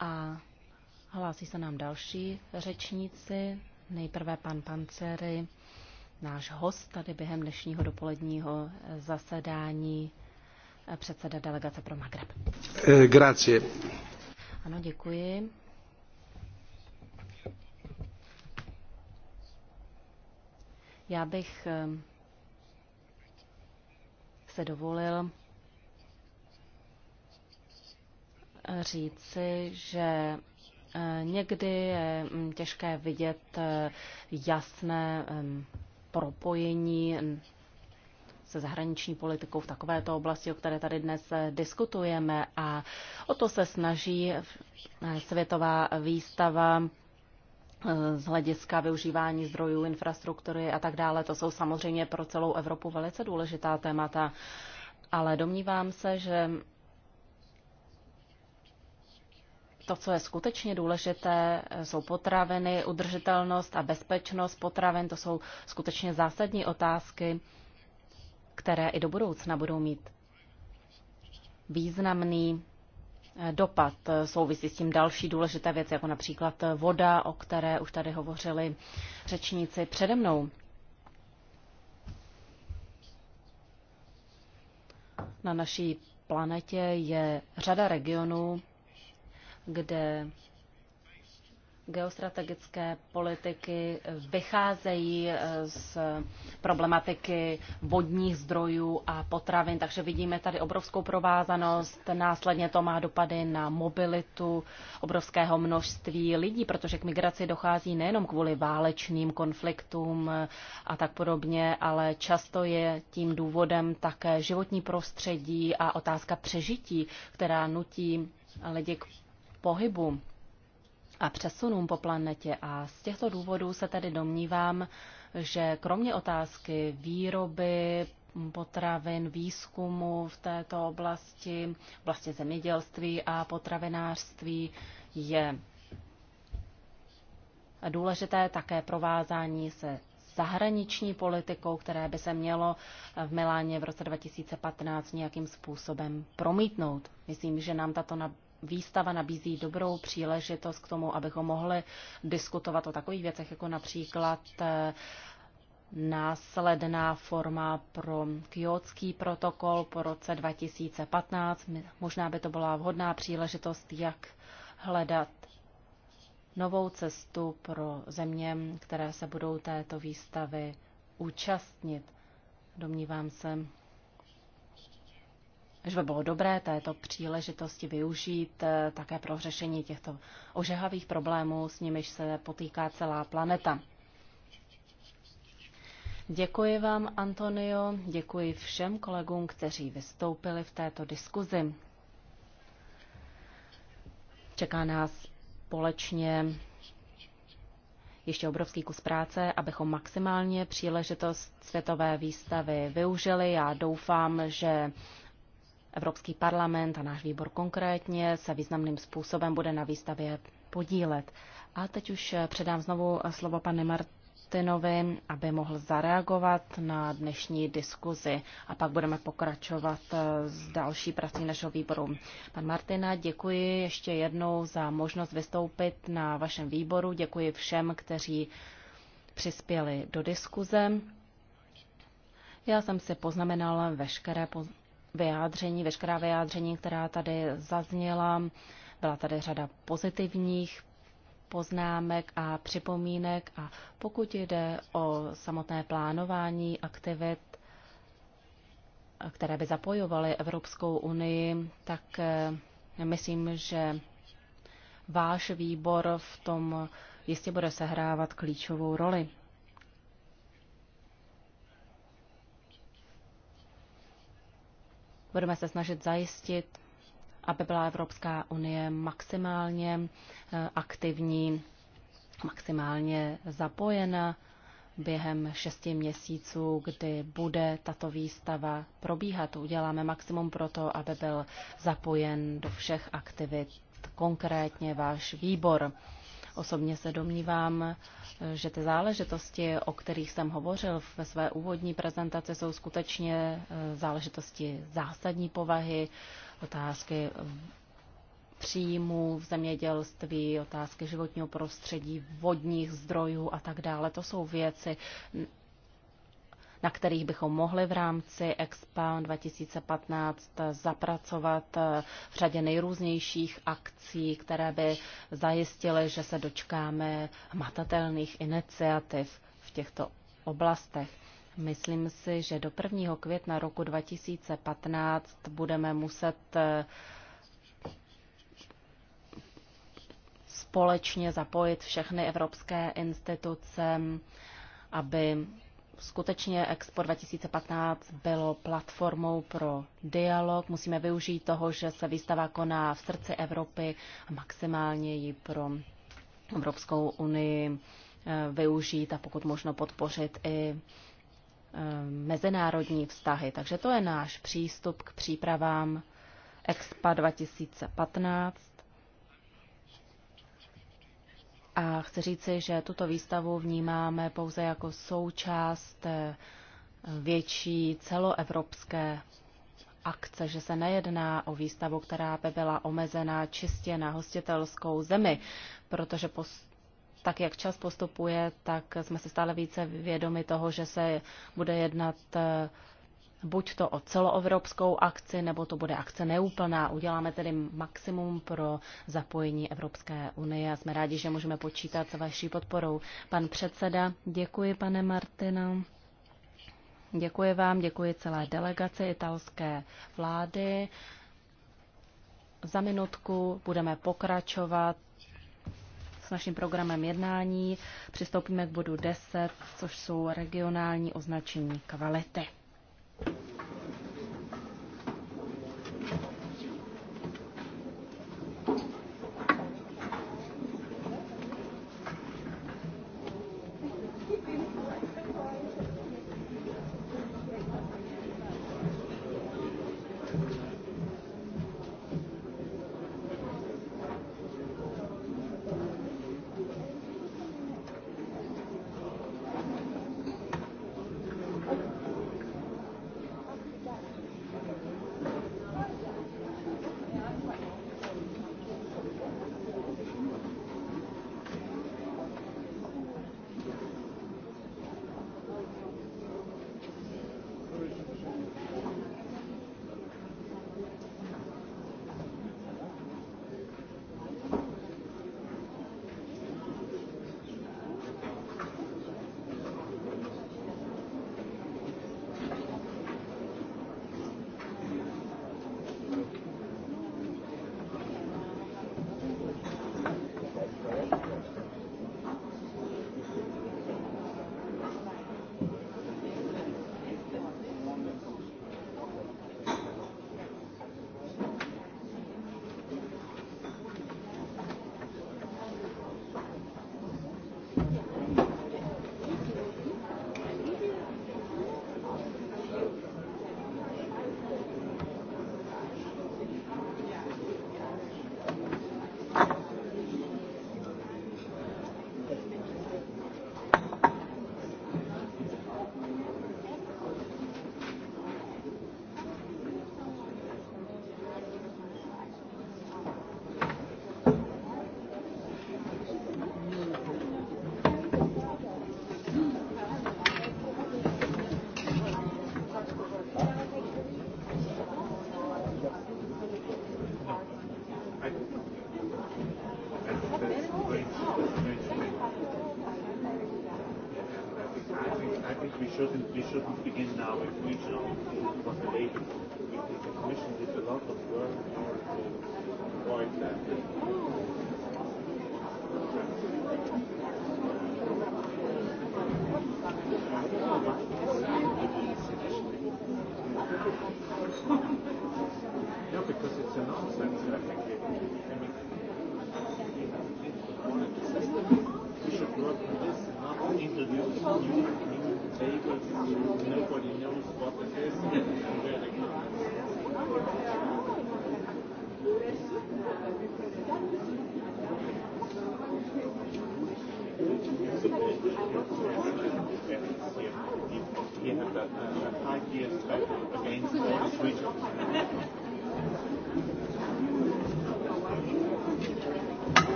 A hlásí se nám další řečníci. Nejprve pan Pancery, náš host tady během dnešního dopoledního zasedání, eh, předseda delegace pro Magreb. Eh, grazie. Ano, děkuji. Já bych eh, se dovolil říci, že eh, někdy je mm, těžké vidět eh, jasné mm, propojení mm, se zahraniční politikou v takovéto oblasti, o které tady dnes eh, diskutujeme. A o to se snaží světová výstava Eh, z hlediska využívání zdrojů, infrastruktury a tak dále. To jsou samozřejmě pro celou Evropu velice důležitá témata, ale domnívám se, že to, co je skutečně důležité, eh, jsou potraviny, udržitelnost a bezpečnost potravin. To jsou skutečně zásadní otázky, které i do budoucna budou mít významný dopad. Souvisí s tím další důležité věci, jako například voda, o které už tady hovořili řečníci přede mnou. Na naší planetě je řada regionů, kde geostrategické politiky vycházejí eh, z problematiky vodních zdrojů a potravin, takže vidíme tady obrovskou provázanost. Následně to má dopady na mobilitu obrovského množství lidí, protože k migraci dochází nejenom kvůli válečným konfliktům eh, a tak podobně, ale často je tím důvodem také životní prostředí a otázka přežití, která nutí lidi k pohybu a přesunům po planetě. A z těchto důvodů se tedy domnívám, že kromě otázky výroby, potravin, výzkumu v této oblasti, vlastně zemědělství a potravinářství je důležité také provázání se zahraniční politikou, které by se mělo v Miláně v roce 2015 nějakým způsobem promítnout. Myslím, že nám tato výstava nabízí dobrou příležitost k tomu, abychom mohli diskutovat o takových věcech, jako například eh, následná forma pro kyotský protokol po roce 2015. Možná by to byla vhodná příležitost, jak hledat novou cestu pro země, které se budou této výstavy účastnit. Domnívám se, že by bylo dobré této příležitosti využít eh, také pro řešení těchto ožehavých problémů, s nimiž se potýká celá planeta. Děkuji vám, Antonio, děkuji všem kolegům, kteří vystoupili v této diskuzi. Čeká nás společně ještě obrovský kus práce, abychom maximálně příležitost světové výstavy využili. Já doufám, že Evropský parlament a náš výbor konkrétně se významným způsobem bude na výstavě podílet. A teď už předám znovu slovo pane Martinovi, aby mohl zareagovat na dnešní diskuzi a pak budeme pokračovat eh, s další prací našeho výboru. Pan Martina, děkuji ještě jednou za možnost vystoupit na vašem výboru. Děkuji všem, kteří přispěli do diskuze. Já jsem si poznamenala veškeré poz- vyjádření, veškerá vyjádření, která tady zazněla. Byla tady řada pozitivních poznámek a připomínek a pokud jde o samotné plánování aktivit, které by zapojovaly Evropskou unii, tak eh, myslím, že váš výbor v tom jistě bude sehrávat klíčovou roli. Budeme se snažit zajistit, aby byla Evropská unie maximálně eh, aktivní, maximálně zapojena během šesti měsíců, kdy bude tato výstava probíhat. Uděláme maximum pro to, aby byl zapojen do všech aktivit, konkrétně váš výbor. Osobně se domnívám, že ty záležitosti, o kterých jsem hovořil ve své úvodní prezentaci, jsou skutečně eh, záležitosti zásadní povahy, otázky příjmů v zemědělství, otázky životního prostředí, vodních zdrojů a tak dále. To jsou věci, na kterých bychom mohli v rámci Expo 2015 zapracovat eh, v řadě nejrůznějších akcí, které by zajistily, že se dočkáme matatelných iniciativ v těchto oblastech. Myslím si, že do 1. května roku 2015 budeme muset eh, společně zapojit všechny evropské instituce, aby skutečně Expo 2015 bylo platformou pro dialog. Musíme využít toho, že se výstava koná v srdci Evropy a maximálně ji pro Evropskou unii eh, využít a pokud možno podpořit i eh, mezinárodní vztahy. Takže to je náš přístup k přípravám Expo 2015. A chci říci, že tuto výstavu vnímáme pouze jako součást eh, větší celoevropské akce, že se nejedná o výstavu, která by byla omezená čistě na hostitelskou zemi, protože tak, jak čas postupuje, tak jsme se stále více vědomi toho, že se bude jednat eh, buď to o celoevropskou akci, nebo to bude akce neúplná. Uděláme tedy maximum pro zapojení Evropské unie a jsme rádi, že můžeme počítat s vaší podporou. Pan předseda, děkuji, pane Martina. Děkuji vám, děkuji celé delegaci italské vlády. Za minutku budeme pokračovat s naším programem jednání. Přistoupíme k bodu 10, což jsou regionální označení kvality.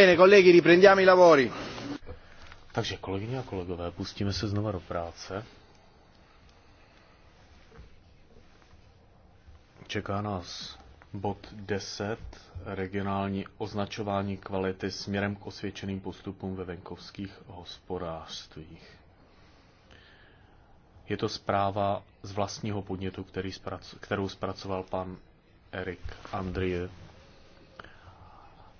Bene, colleghi, riprendiamo i lavori. Takže kolegyně a kolegové, pustíme se znova do práce. Čeká nás bod 10, regionální označování kvality směrem k osvědčeným postupům ve venkovských hospodářstvích. Je to zpráva z vlastního podnětu, který kterou zpracoval pan Erik Andrie.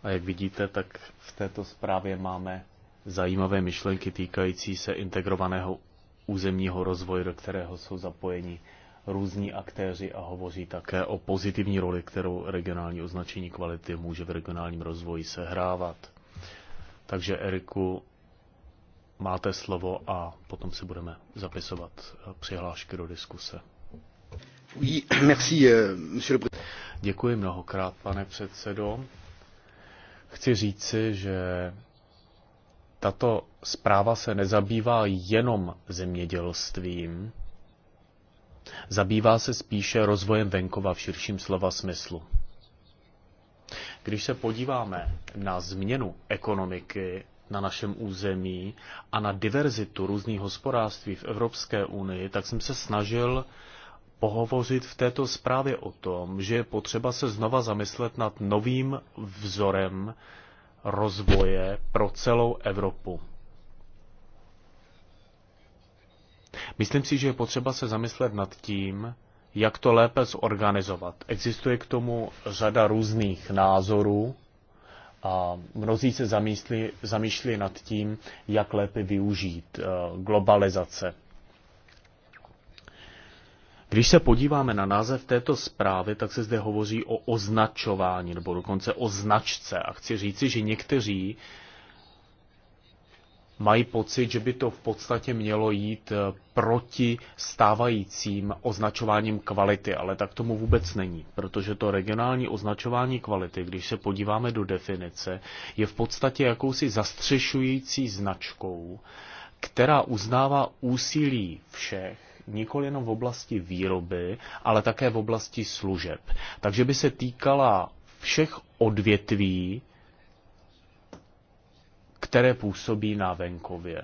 A jak vidíte, tak v této zprávě máme zajímavé myšlenky týkající se integrovaného územního rozvoje, do kterého jsou zapojeni různí aktéři a hovoří také o pozitivní roli, kterou regionální označení kvality může v regionálním rozvoji sehrávat. Takže Eriku, máte slovo a potom si budeme zapisovat eh, přihlášky do diskuse. Eh, Děkuji mnohokrát, pane předsedo chci říci, že tato zpráva se nezabývá jenom zemědělstvím, zabývá se spíše rozvojem venkova v širším slova smyslu. Když se podíváme na změnu ekonomiky na našem území a na diverzitu různých hospodářství v Evropské unii, tak jsem se snažil pohovořit v této zprávě o tom, že je potřeba se znova zamyslet nad novým vzorem rozvoje pro celou Evropu. Myslím si, že je potřeba se zamyslet nad tím, jak to lépe zorganizovat. Existuje k tomu řada různých názorů a mnozí se zamýšlí, zamýšlí nad tím, jak lépe využít eh, globalizace když se podíváme na název této zprávy, tak se zde hovoří o označování nebo dokonce o značce. A chci říci, že někteří mají pocit, že by to v podstatě mělo jít eh, proti stávajícím označováním kvality, ale tak tomu vůbec není, protože to regionální označování kvality, když se podíváme do definice, je v podstatě jakousi zastřešující značkou, která uznává úsilí všech, nikoli jenom v oblasti výroby, ale také v oblasti služeb. Takže by se týkala všech odvětví, které působí na venkově.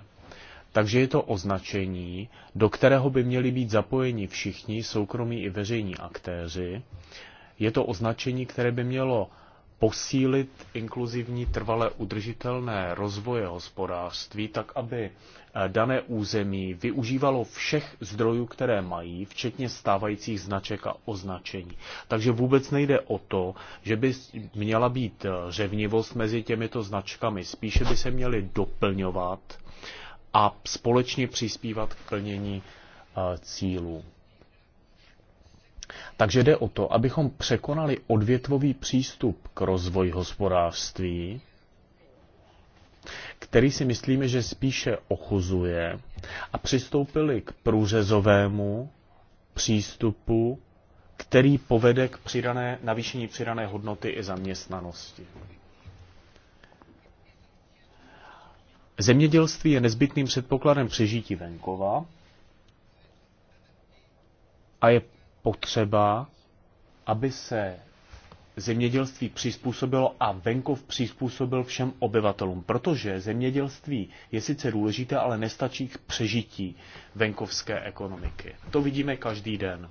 Takže je to označení, do kterého by měli být zapojeni všichni soukromí i veřejní aktéři. Je to označení, které by mělo posílit inkluzivní trvale udržitelné rozvoje hospodářství, tak aby eh, dané území využívalo všech zdrojů, které mají, včetně stávajících značek a označení. Takže vůbec nejde o to, že by měla být eh, řevnivost mezi těmito značkami, spíše by se měly doplňovat a společně přispívat k plnění eh, cílů. Takže jde o to, abychom překonali odvětvový přístup k rozvoji hospodářství, který si myslíme, že spíše ochuzuje, a přistoupili k průřezovému přístupu, který povede k přidané, navýšení přidané hodnoty i zaměstnanosti. Zemědělství je nezbytným předpokladem přežití venkova a je potřeba, aby se zemědělství přizpůsobilo a venkov přizpůsobil všem obyvatelům, protože zemědělství je sice důležité, ale nestačí k přežití venkovské ekonomiky. To vidíme každý den.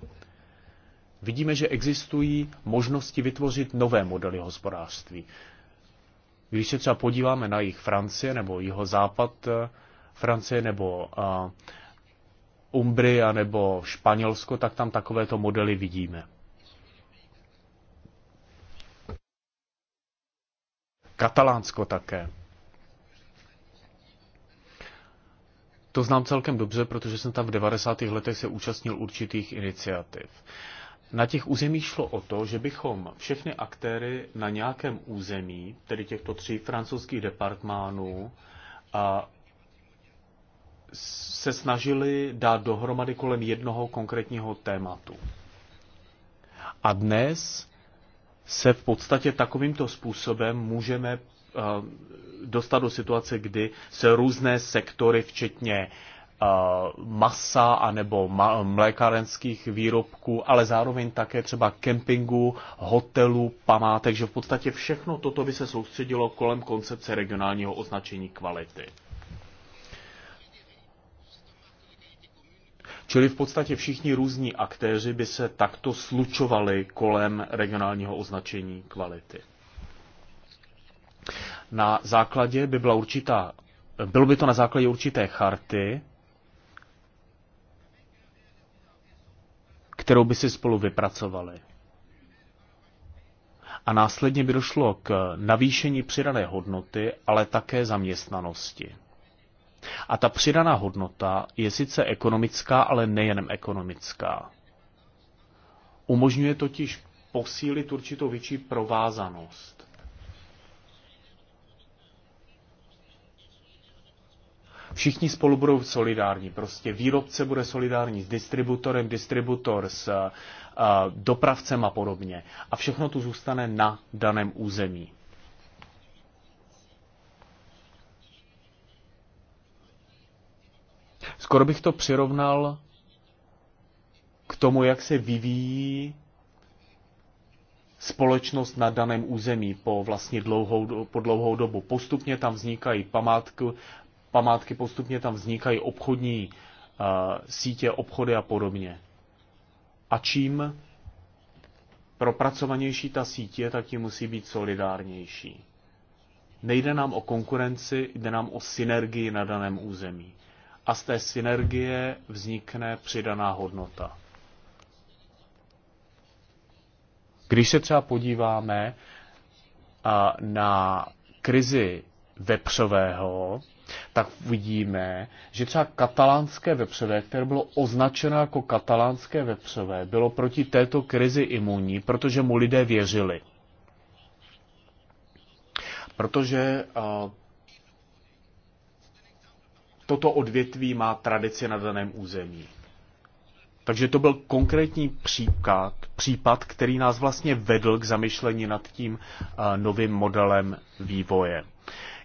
Vidíme, že existují možnosti vytvořit nové modely hospodářství. Když se třeba podíváme na jich Francie nebo jeho západ eh, Francie nebo uh, Umbria nebo Španělsko, tak tam takovéto modely vidíme. Katalánsko také. To znám celkem dobře, protože jsem tam v 90. letech se účastnil určitých iniciativ. Na těch územích šlo o to, že bychom všechny aktéry na nějakém území, tedy těchto tří francouzských departmánů, a se snažili dát dohromady kolem jednoho konkrétního tématu. A dnes se v podstatě takovýmto způsobem můžeme eh, dostat do situace, kdy se různé sektory, včetně eh, masa anebo mlékárenských výrobků, ale zároveň také třeba kempingu, hotelů, památek, že v podstatě všechno toto by se soustředilo kolem koncepce regionálního označení kvality. Čili v podstatě všichni různí aktéři by se takto slučovali kolem regionálního označení kvality. Na základě by byla určitá, bylo by to na základě určité charty, kterou by si spolu vypracovali. A následně by došlo k navýšení přidané hodnoty, ale také zaměstnanosti. A ta přidaná hodnota je sice ekonomická, ale nejenom ekonomická. Umožňuje totiž posílit určitou větší provázanost. Všichni spolu budou solidární. Prostě výrobce bude solidární s distributorem, distributor s eh, dopravcem a podobně. A všechno tu zůstane na daném území. Skoro bych to přirovnal k tomu, jak se vyvíjí společnost na daném území po vlastně dlouhou, po dlouhou dobu. Postupně tam vznikají památky, památky postupně tam vznikají obchodní uh, sítě, obchody a podobně. A čím propracovanější ta sítě, tak ji musí být solidárnější. Nejde nám o konkurenci, jde nám o synergii na daném území a z té synergie vznikne přidaná hodnota. Když se třeba podíváme na krizi vepřového, tak vidíme, že třeba katalánské vepřové, které bylo označeno jako katalánské vepřové, bylo proti této krizi imunní, protože mu lidé věřili. Protože toto odvětví má tradici na daném území. Takže to byl konkrétní příklad, případ, který nás vlastně vedl k zamyšlení nad tím eh, novým modelem vývoje.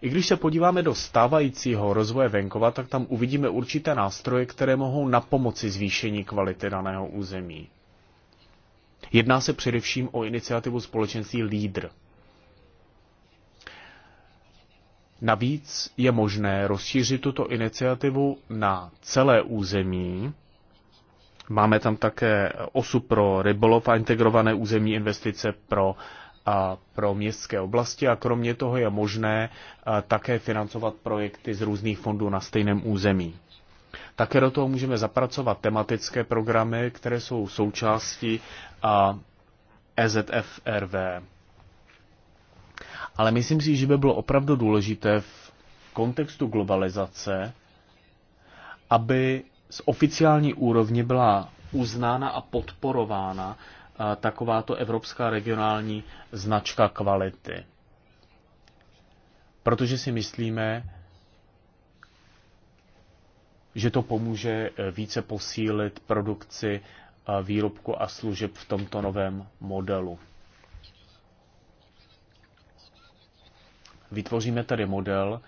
I když se podíváme do stávajícího rozvoje venkova, tak tam uvidíme určité nástroje, které mohou na pomoci zvýšení kvality daného území. Jedná se především o iniciativu společenství LEADER. Navíc je možné rozšířit tuto iniciativu na celé území. Máme tam také osu pro rybolov a integrované územní investice pro, a, pro městské oblasti a kromě toho je možné a, také financovat projekty z různých fondů na stejném území. Také do toho můžeme zapracovat tematické programy, které jsou součástí a, EZFRV ale myslím si, že by bylo opravdu důležité v kontextu globalizace, aby z oficiální úrovně byla uznána a podporována eh, takováto evropská regionální značka kvality. Protože si myslíme, že to pomůže eh, více posílit produkci eh, výrobku a služeb v tomto novém modelu. Vytvoříme tedy model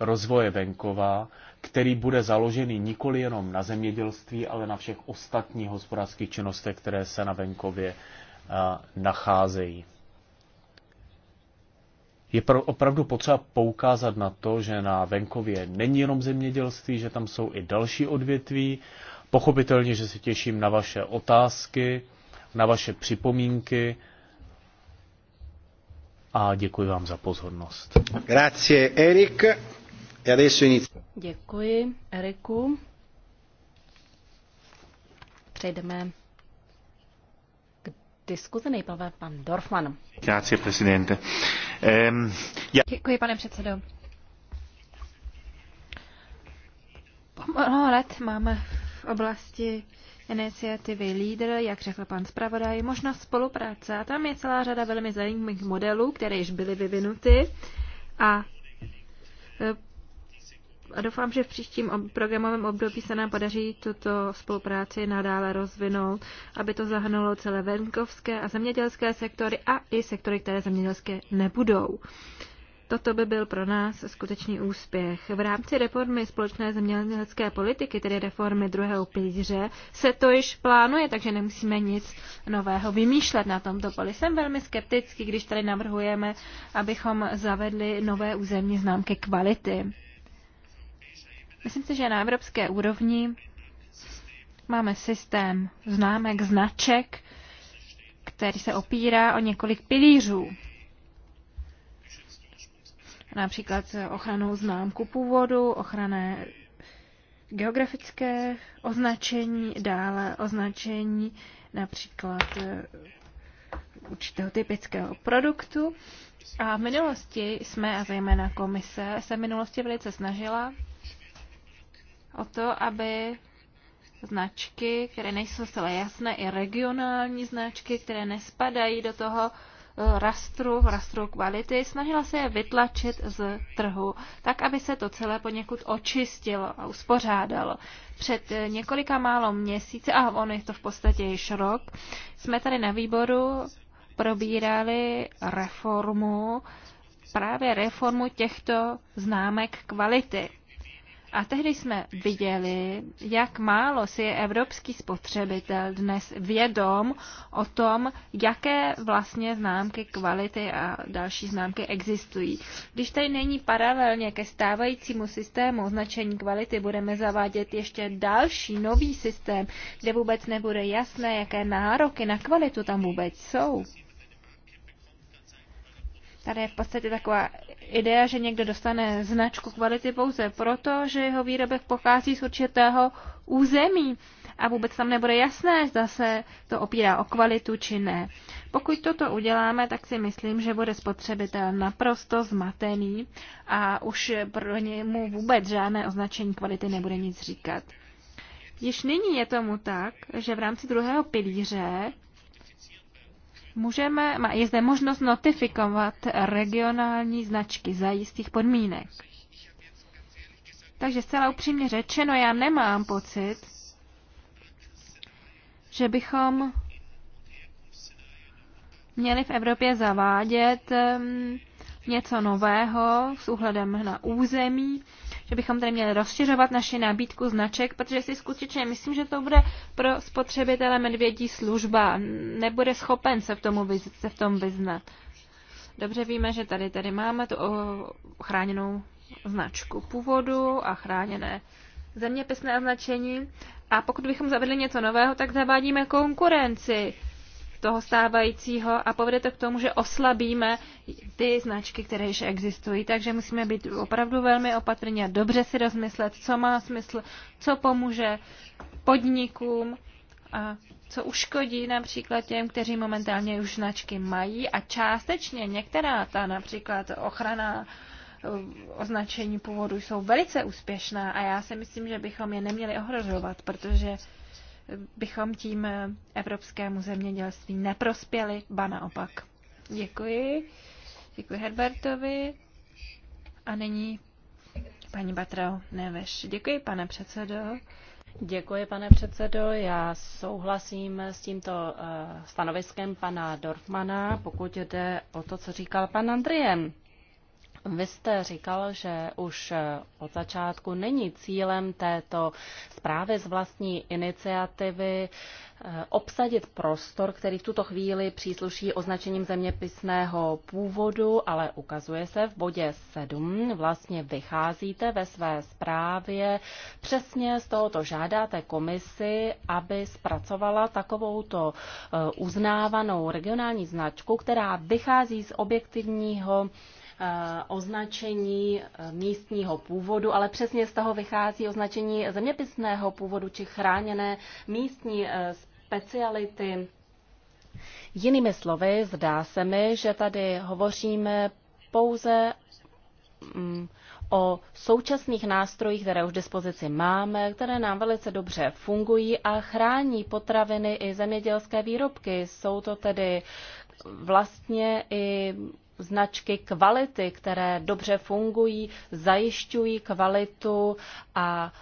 rozvoje venkova, který bude založený nikoli jenom na zemědělství, ale na všech ostatních hospodářských činnostech, které se na venkově nacházejí. Je opravdu potřeba poukázat na to, že na venkově není jenom zemědělství, že tam jsou i další odvětví. Pochopitelně, že se těším na vaše otázky, na vaše připomínky a děkuji vám za pozornost. Grazie, Erik. E děkuji, Eriku. Přejdeme k diskuzi nejprve pan Dorfman. Grazie, presidente. Um, ja... Děkuji, pane předsedo. Pomalo let máme v oblasti iniciativy LEADER, jak řekl pan zpravodaj, možnost spolupráce. A tam je celá řada velmi zajímavých modelů, které již byly vyvinuty. A e, a doufám, že v příštím programovém období se nám podaří tuto spolupráci nadále rozvinout, aby to zahrnulo celé venkovské a zemědělské sektory a i sektory, které zemědělské nebudou. Toto by byl pro nás skutečný úspěch. V rámci reformy společné zemědělské politiky, tedy reformy druhého pilíře, se to již plánuje, takže nemusíme nic nového vymýšlet na tomto poli. Jsem velmi skeptický, když tady navrhujeme, abychom zavedli nové územní známky kvality. Myslím si, že na evropské úrovni máme systém známek, značek, který se opírá o několik pilířů například ochranou známku původu, ochrané geografické označení, dále označení například eh, určitého typického produktu. A v minulosti jsme, a zejména komise, se v minulosti velice snažila o to, aby značky, které nejsou zcela jasné, i regionální značky, které nespadají do toho Eh, rastru, rastru kvality, snažila se je vytlačit z trhu, tak, aby se to celé poněkud očistilo a uspořádalo. Před eh, několika málo měsíce, a on je to v podstatě již rok, jsme tady na výboru probírali reformu, právě reformu těchto známek kvality. A tehdy jsme viděli, jak málo si je evropský spotřebitel dnes vědom o tom, jaké vlastně známky kvality a další známky existují. Když tady není paralelně ke stávajícímu systému označení kvality, budeme zavádět ještě další nový systém, kde vůbec nebude jasné, jaké nároky na kvalitu tam vůbec jsou. Tady je v podstatě taková idea, že někdo dostane značku kvality pouze proto, že jeho výrobek pochází z určitého území a vůbec tam nebude jasné, zda se to opírá o kvalitu či ne. Pokud toto uděláme, tak si myslím, že bude spotřebitel naprosto zmatený a už pro němu vůbec žádné označení kvality nebude nic říkat. Již nyní je tomu tak, že v rámci druhého pilíře Můžeme, je zde možnost notifikovat regionální značky za jistých podmínek. Takže zcela upřímně řečeno, já nemám pocit, že bychom měli v Evropě zavádět ehm, něco nového s úhledem na území, že bychom tady měli rozšiřovat naši nabídku značek, protože si skutečně myslím, že to bude pro spotřebitele medvědí služba. Nebude schopen se v, tomu, se v tom vyznat. Dobře víme, že tady, tady máme tu chráněnou značku původu a chráněné zeměpisné označení. A pokud bychom zavedli něco nového, tak zavádíme konkurenci toho stávajícího a povede to k tomu, že oslabíme ty značky, které již existují. Takže musíme být opravdu velmi opatrní a dobře si rozmyslet, co má smysl, co pomůže podnikům a co uškodí například těm, kteří momentálně už značky mají a částečně některá ta například ochrana eh, označení původu jsou velice úspěšná a já si myslím, že bychom je neměli ohrožovat, protože bychom tím eh, evropskému zemědělství neprospěli, ba naopak. Děkuji. Děkuji Herbertovi. A nyní paní Batrao Neveš. Děkuji, pane předsedo. Děkuji, pane předsedo. Já souhlasím s tímto eh, stanoviskem pana Dorfmana, pokud jde o to, co říkal pan Andrien. Vy jste říkal, že už eh, od začátku není cílem této zprávy z vlastní iniciativy eh, obsadit prostor, který v tuto chvíli přísluší označením zeměpisného původu, ale ukazuje se v bodě 7. Vlastně vycházíte ve své zprávě. Přesně z tohoto žádáte komisi, aby zpracovala takovouto eh, uznávanou regionální značku, která vychází z objektivního Eh, označení eh, místního původu, ale přesně z toho vychází označení zeměpisného původu či chráněné místní eh, speciality. Jinými slovy, zdá se mi, že tady hovoříme pouze mm, o současných nástrojích, které už v dispozici máme, které nám velice dobře fungují a chrání potraviny i zemědělské výrobky. Jsou to tedy vlastně i značky kvality, které dobře fungují, zajišťují kvalitu a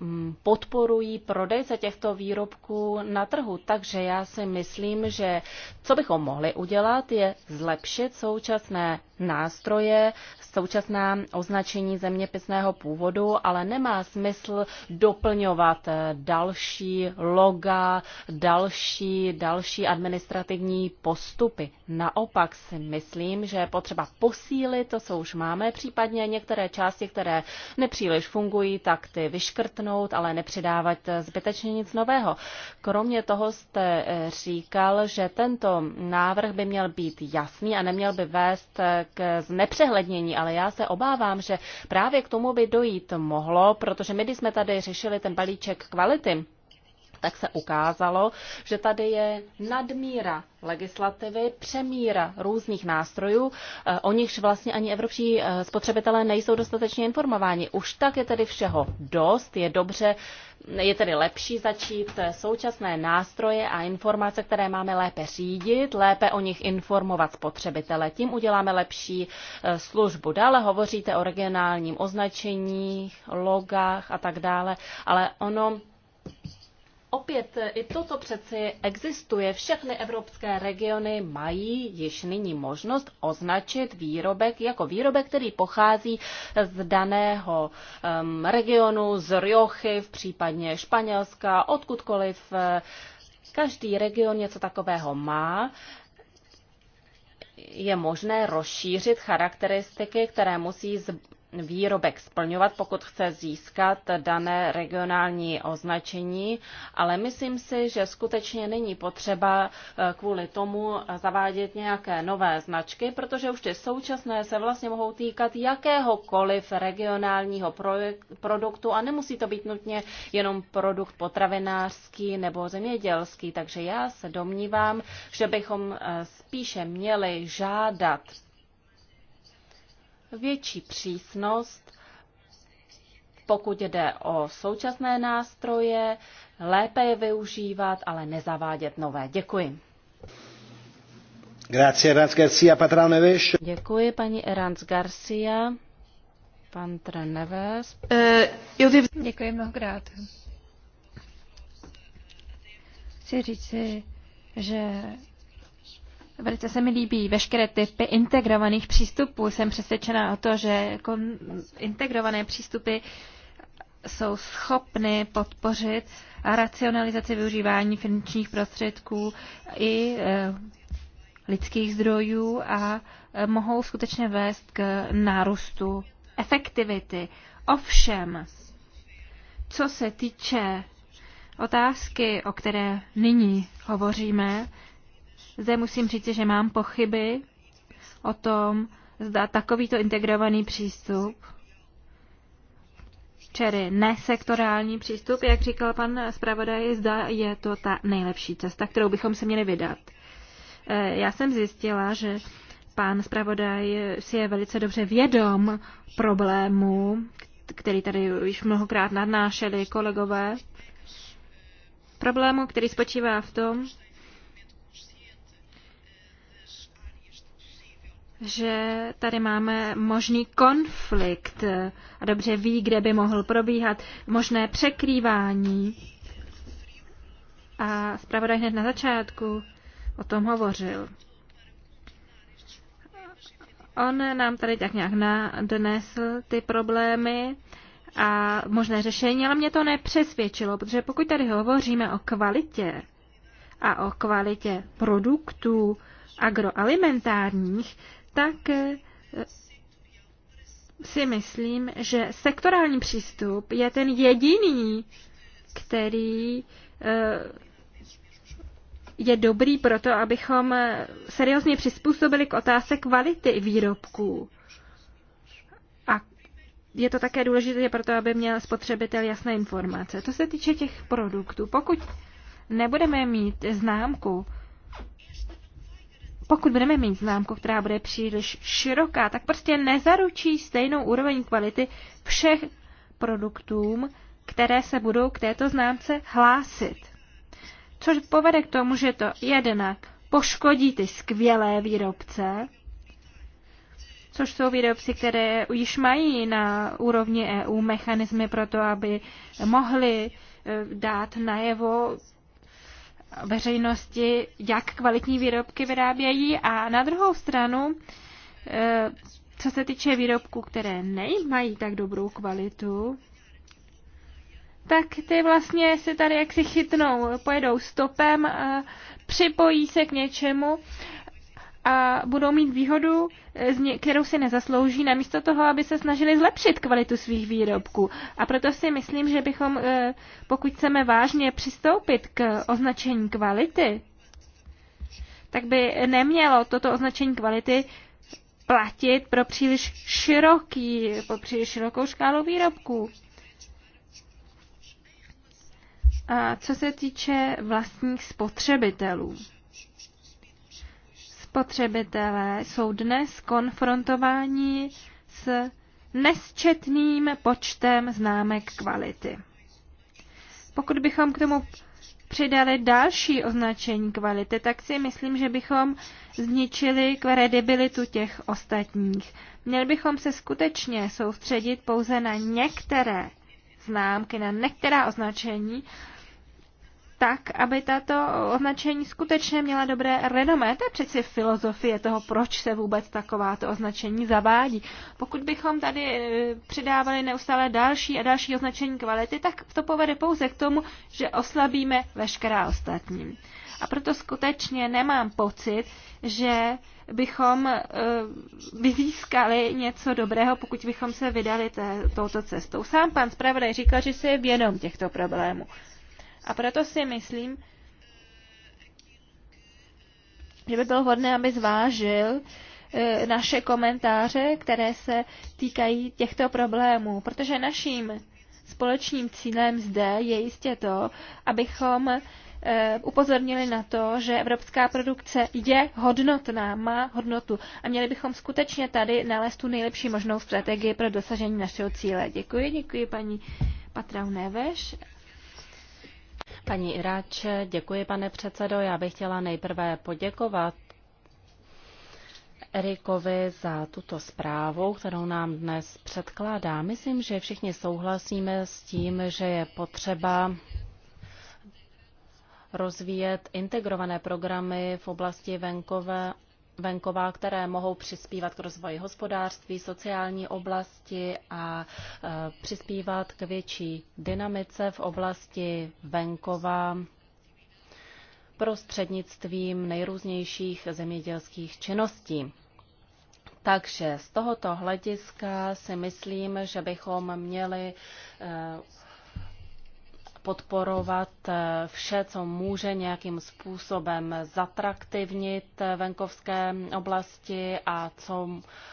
mm, podporují prodejce těchto výrobků na trhu. Takže já si myslím, že co bychom mohli udělat, je zlepšit současné nástroje, současná označení zeměpisného původu, ale nemá smysl doplňovat eh, další loga, další, další administrativní postupy. Naopak si myslím, že je potřeba posílit to, co už máme, případně některé části, které nepříliš fungují, tak ty vyškrtnout, ale nepřidávat eh, zbytečně nic nového. Kromě toho jste eh, říkal, že tento návrh by měl být jasný a neměl by vést k znepřehlednění, ale já se obávám, že právě k tomu by dojít mohlo, protože my, když jsme tady řešili ten balíček kvality, tak se ukázalo, že tady je nadmíra legislativy, přemíra různých nástrojů, eh, o nichž vlastně ani evropští eh, spotřebitelé nejsou dostatečně informováni. Už tak je tedy všeho dost, je dobře, je tedy lepší začít eh, současné nástroje a informace, které máme lépe řídit, lépe o nich informovat spotřebitele. Tím uděláme lepší službu. Dále hovoříte o regionálním označení, logách a tak dále, ale ono Opět i toto přeci existuje. Všechny evropské regiony mají již nyní možnost označit výrobek jako výrobek, který pochází z daného um, regionu, z Riochy, v případně Španělska, odkudkoliv. Každý region něco takového má je možné rozšířit charakteristiky, které musí výrobek splňovat, pokud chce získat dané regionální označení, ale myslím si, že skutečně není potřeba eh, kvůli tomu zavádět nějaké nové značky, protože už ty současné se vlastně mohou týkat jakéhokoliv regionálního produktu a nemusí to být nutně jenom produkt potravinářský nebo zemědělský. Takže já se domnívám, že bychom eh, spíše měli žádat větší přísnost, pokud jde o současné nástroje, lépe je využívat, ale nezavádět nové. Děkuji. Garcia, Děkuji, paní Erans Garcia. Pan Treneves. Eh, Děkuji mnohokrát. Chci říci, že Velice se mi líbí veškeré typy integrovaných přístupů. Jsem přesvědčená o to, že jako integrované přístupy jsou schopny podpořit a racionalizaci využívání finančních prostředků i eh, lidských zdrojů a eh, mohou skutečně vést k nárůstu efektivity. Ovšem, co se týče otázky, o které nyní hovoříme, zde musím říct, že mám pochyby o tom, zda takovýto integrovaný přístup, čery nesektorální přístup, jak říkal pan zpravodaj, zda je to ta nejlepší cesta, kterou bychom se měli vydat. E, já jsem zjistila, že pan zpravodaj si je velice dobře vědom problému, který tady již mnohokrát nadnášeli kolegové. Problému, který spočívá v tom, že tady máme možný konflikt a dobře ví, kde by mohl probíhat možné překrývání. A zpravodaj hned na začátku o tom hovořil. On nám tady tak nějak nadnesl ty problémy a možné řešení, ale mě to nepřesvědčilo, protože pokud tady hovoříme o kvalitě a o kvalitě produktů agroalimentárních, tak eh, si myslím, že sektorální přístup je ten jediný, který eh, je dobrý proto, abychom eh, seriózně přizpůsobili k otázce kvality výrobků. A je to také důležité proto, aby měl spotřebitel jasné informace. To se týče těch produktů. Pokud nebudeme mít známku pokud budeme mít známku, která bude příliš široká, tak prostě nezaručí stejnou úroveň kvality všech produktům, které se budou k této známce hlásit. Což povede k tomu, že to jednak poškodí ty skvělé výrobce, což jsou výrobci, které již mají na úrovni EU mechanismy pro to, aby mohli eh, dát najevo veřejnosti, jak kvalitní výrobky vyrábějí a na druhou stranu, eh, co se týče výrobků, které nemají tak dobrou kvalitu, tak ty vlastně se tady jaksi chytnou, pojedou stopem, připojí se k něčemu a budou mít výhodu, eh, kterou si nezaslouží, namísto toho, aby se snažili zlepšit kvalitu svých výrobků. A proto si myslím, že bychom, eh, pokud chceme vážně přistoupit k označení kvality, tak by nemělo toto označení kvality platit pro příliš široký, pro příliš širokou škálu výrobků. A co se týče vlastních spotřebitelů. Spotřebitelé jsou dnes konfrontováni s nesčetným počtem známek kvality. Pokud bychom k tomu přidali další označení kvality, tak si myslím, že bychom zničili kredibilitu těch ostatních. Měli bychom se skutečně soustředit pouze na některé známky, na některá označení tak, aby tato označení skutečně měla dobré renomé. To je přeci filozofie toho, proč se vůbec takováto označení zavádí. Pokud bychom tady e, přidávali neustále další a další označení kvality, tak to povede pouze k tomu, že oslabíme veškerá ostatní. A proto skutečně nemám pocit, že bychom e, vyzískali něco dobrého, pokud bychom se vydali té, touto cestou. Sám pan zpravodaj říkal, že se je vědom těchto problémů. A proto si myslím, že by bylo hodné, aby zvážil e, naše komentáře, které se týkají těchto problémů, protože naším společným cílem zde je jistě to, abychom e, upozornili na to, že evropská produkce je hodnotná, má hodnotu a měli bychom skutečně tady nalézt tu nejlepší možnou strategii pro dosažení našeho cíle. Děkuji, děkuji paní Patrau Neveš Paní Iráče, děkuji pane předsedo. Já bych chtěla nejprve poděkovat Erikovi za tuto zprávu, kterou nám dnes předkládá. Myslím, že všichni souhlasíme s tím, že je potřeba rozvíjet integrované programy v oblasti venkova venkova, které mohou přispívat k rozvoji hospodářství, sociální oblasti a e, přispívat k větší dynamice v oblasti venkova prostřednictvím nejrůznějších zemědělských činností. Takže z tohoto hlediska si myslím, že bychom měli e, podporovat eh, vše, co může nějakým způsobem zatraktivnit eh, venkovské oblasti a co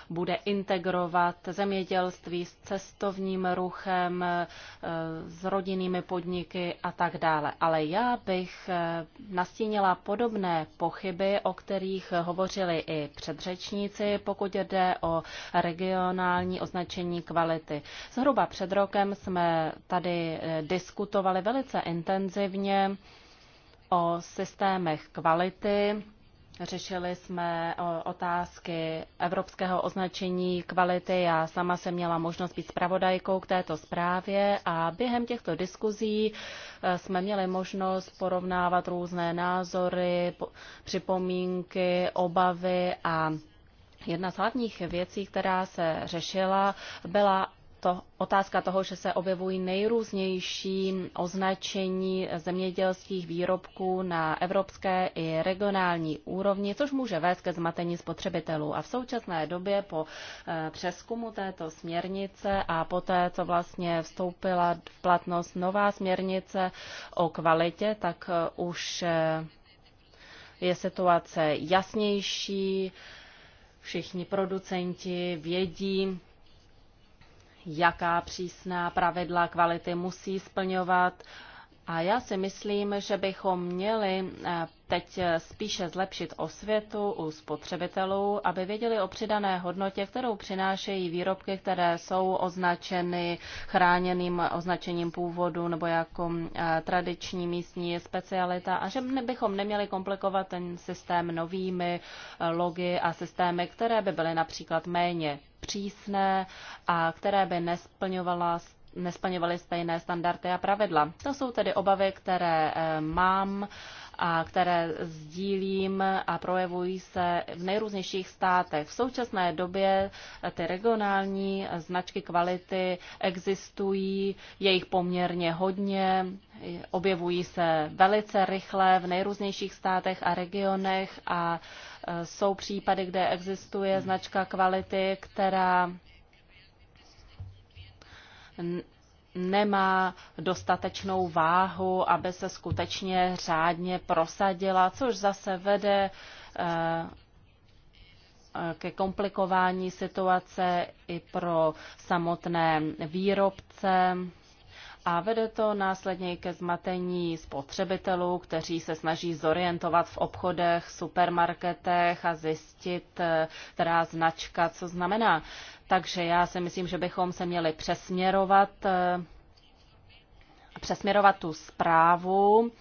bude integrovat zemědělství s cestovním ruchem, eh, s rodinnými podniky a tak dále. Ale já bych nastínila podobné pochyby, o kterých hovořili i předřečníci, pokud jde o regionální označení kvality. Zhruba před rokem jsme tady diskutovali velice intenzivně o systémech kvality. Řešili jsme otázky evropského označení kvality. Já sama jsem měla možnost být zpravodajkou k této zprávě a během těchto diskuzí e, jsme měli možnost porovnávat různé názory, připomínky, obavy a Jedna z hlavních věcí, která se řešila, byla to otázka toho, že se objevují nejrůznější označení zemědělských výrobků na evropské i regionální úrovni, což může vést ke zmatení spotřebitelů. A v současné době po eh, přeskumu této směrnice a poté, co vlastně vstoupila v platnost nová směrnice o kvalitě, tak eh, už eh, je situace jasnější. Všichni producenti vědí, jaká přísná pravidla kvality musí splňovat. A já si myslím, že bychom měli eh, teď spíše zlepšit osvětu u spotřebitelů, aby věděli o přidané hodnotě, kterou přinášejí výrobky, které jsou označeny chráněným označením původu nebo jako eh, tradiční místní specialita a že bychom neměli komplikovat ten systém novými eh, logy a systémy, které by byly například méně přísné a které by nesplňovala nesplňovaly stejné standardy a pravidla. To jsou tedy obavy, které eh, mám a které sdílím a projevují se v nejrůznějších státech. V současné době eh, ty regionální značky kvality existují, je jich poměrně hodně, objevují se velice rychle v nejrůznějších státech a regionech a jsou případy, kde existuje značka kvality, která nemá dostatečnou váhu, aby se skutečně řádně prosadila, což zase vede eh, ke komplikování situace i pro samotné výrobce a vede to následně ke zmatení spotřebitelů, kteří se snaží zorientovat v obchodech, supermarketech a zjistit, eh, která značka co znamená. Takže já si myslím, že bychom se měli přesměrovat, eh, přesměrovat tu zprávu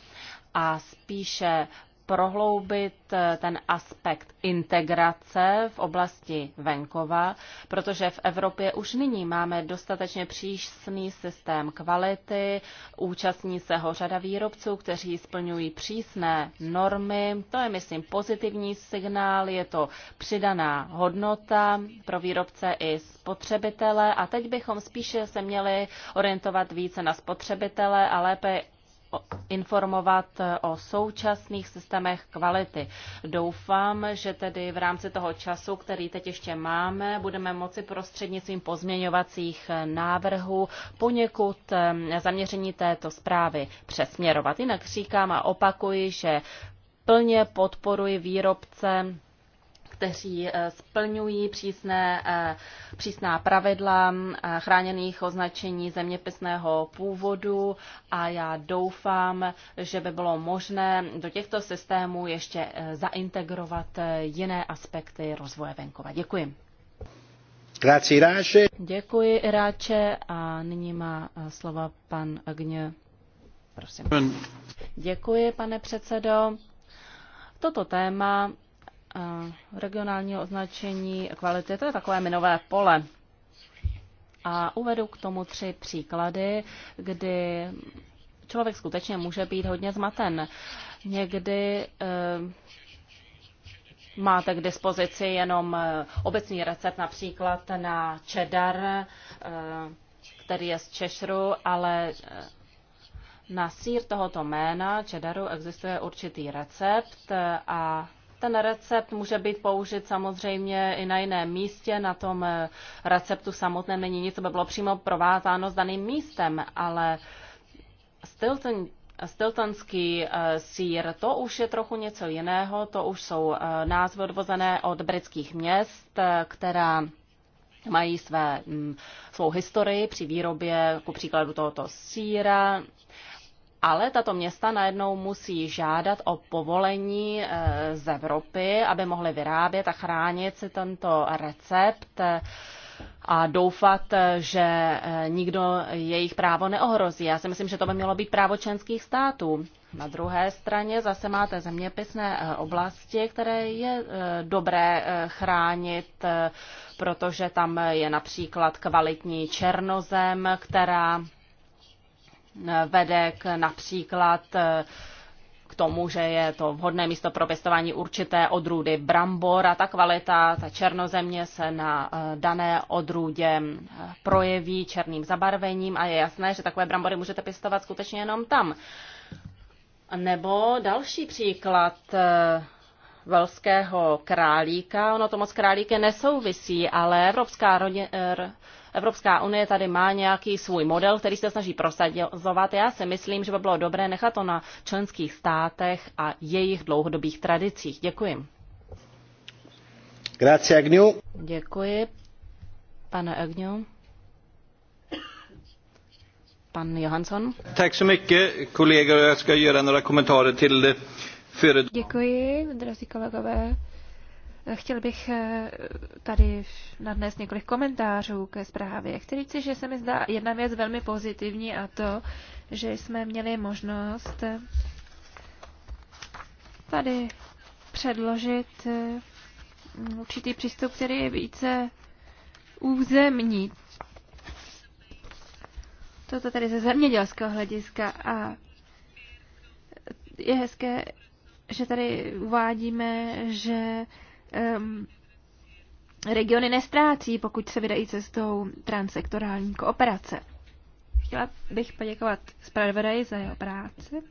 a spíše prohloubit eh, ten aspekt integrace v oblasti venkova, protože v Evropě už nyní máme dostatečně přísný systém kvality, účastní se ho řada výrobců, kteří splňují přísné normy. To je, myslím, pozitivní signál, je to přidaná hodnota pro výrobce i spotřebitele a teď bychom spíše se měli orientovat více na spotřebitele a lépe informovat eh, o současných systémech kvality. Doufám, že tedy v rámci toho času, který teď ještě máme, budeme moci prostřednictvím pozměňovacích eh, návrhů poněkud eh, zaměření této zprávy přesměrovat. Jinak říkám a opakuji, že plně podporuji výrobce kteří eh, splňují přísné, eh, přísná pravidla eh, chráněných označení zeměpisného původu a já doufám, že by bylo možné do těchto systémů ještě zaintegrovat jiné aspekty rozvoje venkova. Děkuji. Děkuji, Iráče. A nyní má slova pan Agně. Prosím. Děkuji, pane předsedo. Toto téma Eh, regionálního označení kvality. To je takové minové pole. A uvedu k tomu tři příklady, kdy člověk skutečně může být hodně zmaten. Někdy eh, máte k dispozici jenom eh, obecný recept například na cheddar, který je z češru, ale na sír tohoto jména, cheddaru, existuje určitý recept a ten recept může být použit samozřejmě i na jiném místě. Na tom eh, receptu samotném není nic, co by bylo přímo provázáno s daným místem, ale Stilton, Stiltonský eh, sír, to už je trochu něco jiného, to už jsou eh, názvy odvozené od britských měst, která mají své, mm, svou historii při výrobě, ku příkladu tohoto síra, ale tato města najednou musí žádat o povolení eh, z Evropy, aby mohly vyrábět a chránit si tento recept eh, a doufat, eh, že nikdo jejich právo neohrozí. Já si myslím, že to by mělo být právo členských států. Na druhé straně zase máte zeměpisné oblasti, které je dobré chránit, protože tam je například kvalitní černozem, která vede k například eh, k tomu, že je to vhodné místo pro pěstování určité odrůdy brambor a ta kvalita, ta černozemě se na eh, dané odrůdě eh, projeví černým zabarvením a je jasné, že takové brambory můžete pěstovat skutečně jenom tam. Nebo další příklad velského králíka. Ono to moc králíky nesouvisí, ale evropská rodina, Evropská unie tady má nějaký svůj model, který se snaží prosazovat. Já si myslím, že by bylo dobré nechat to na členských státech a jejich dlouhodobých tradicích. Děkuji. Grazie, Agnew. Děkuji, pane Agnew. Pan Johansson. Tak så mycket, kollegor. Jag ska göra några kommentarer till Děkuji, drazí kolegové. Chtěl bych eh, tady nadnést několik komentářů ke zprávě. Chci říct, že se mi zdá jedna věc velmi pozitivní a to, že jsme měli možnost eh, tady předložit eh, určitý přístup, který je více územní. Toto tady ze zemědělského hlediska a je hezké, že tady uvádíme, že um, regiony nestrácí, pokud se vydají cestou transsektorální kooperace. Chtěla bych poděkovat zpravodaji za jeho práci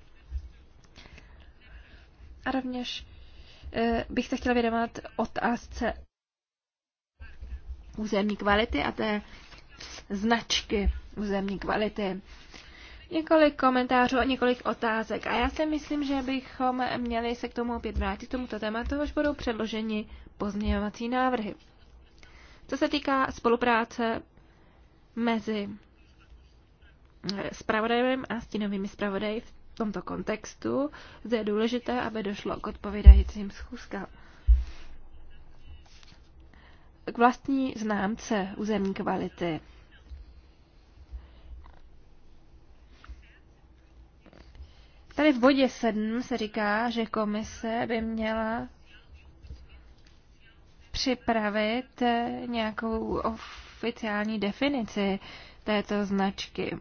a rovněž eh, bych se chtěla vědomat otázce územní kvality a té značky územní kvality. Několik komentářů a několik otázek. A já si myslím, že bychom měli se k tomu opět vrátit, k tomuto tématu, až budou předloženi pozměňovací návrhy. Co se týká spolupráce mezi eh, spravodajem a stínovými spravodaji v tomto kontextu, zde je důležité, aby došlo k odpovědajícím schůzkám. K vlastní známce územní kvality. Tady v bodě 7 se říká, že komise by měla připravit nějakou oficiální definici této značky.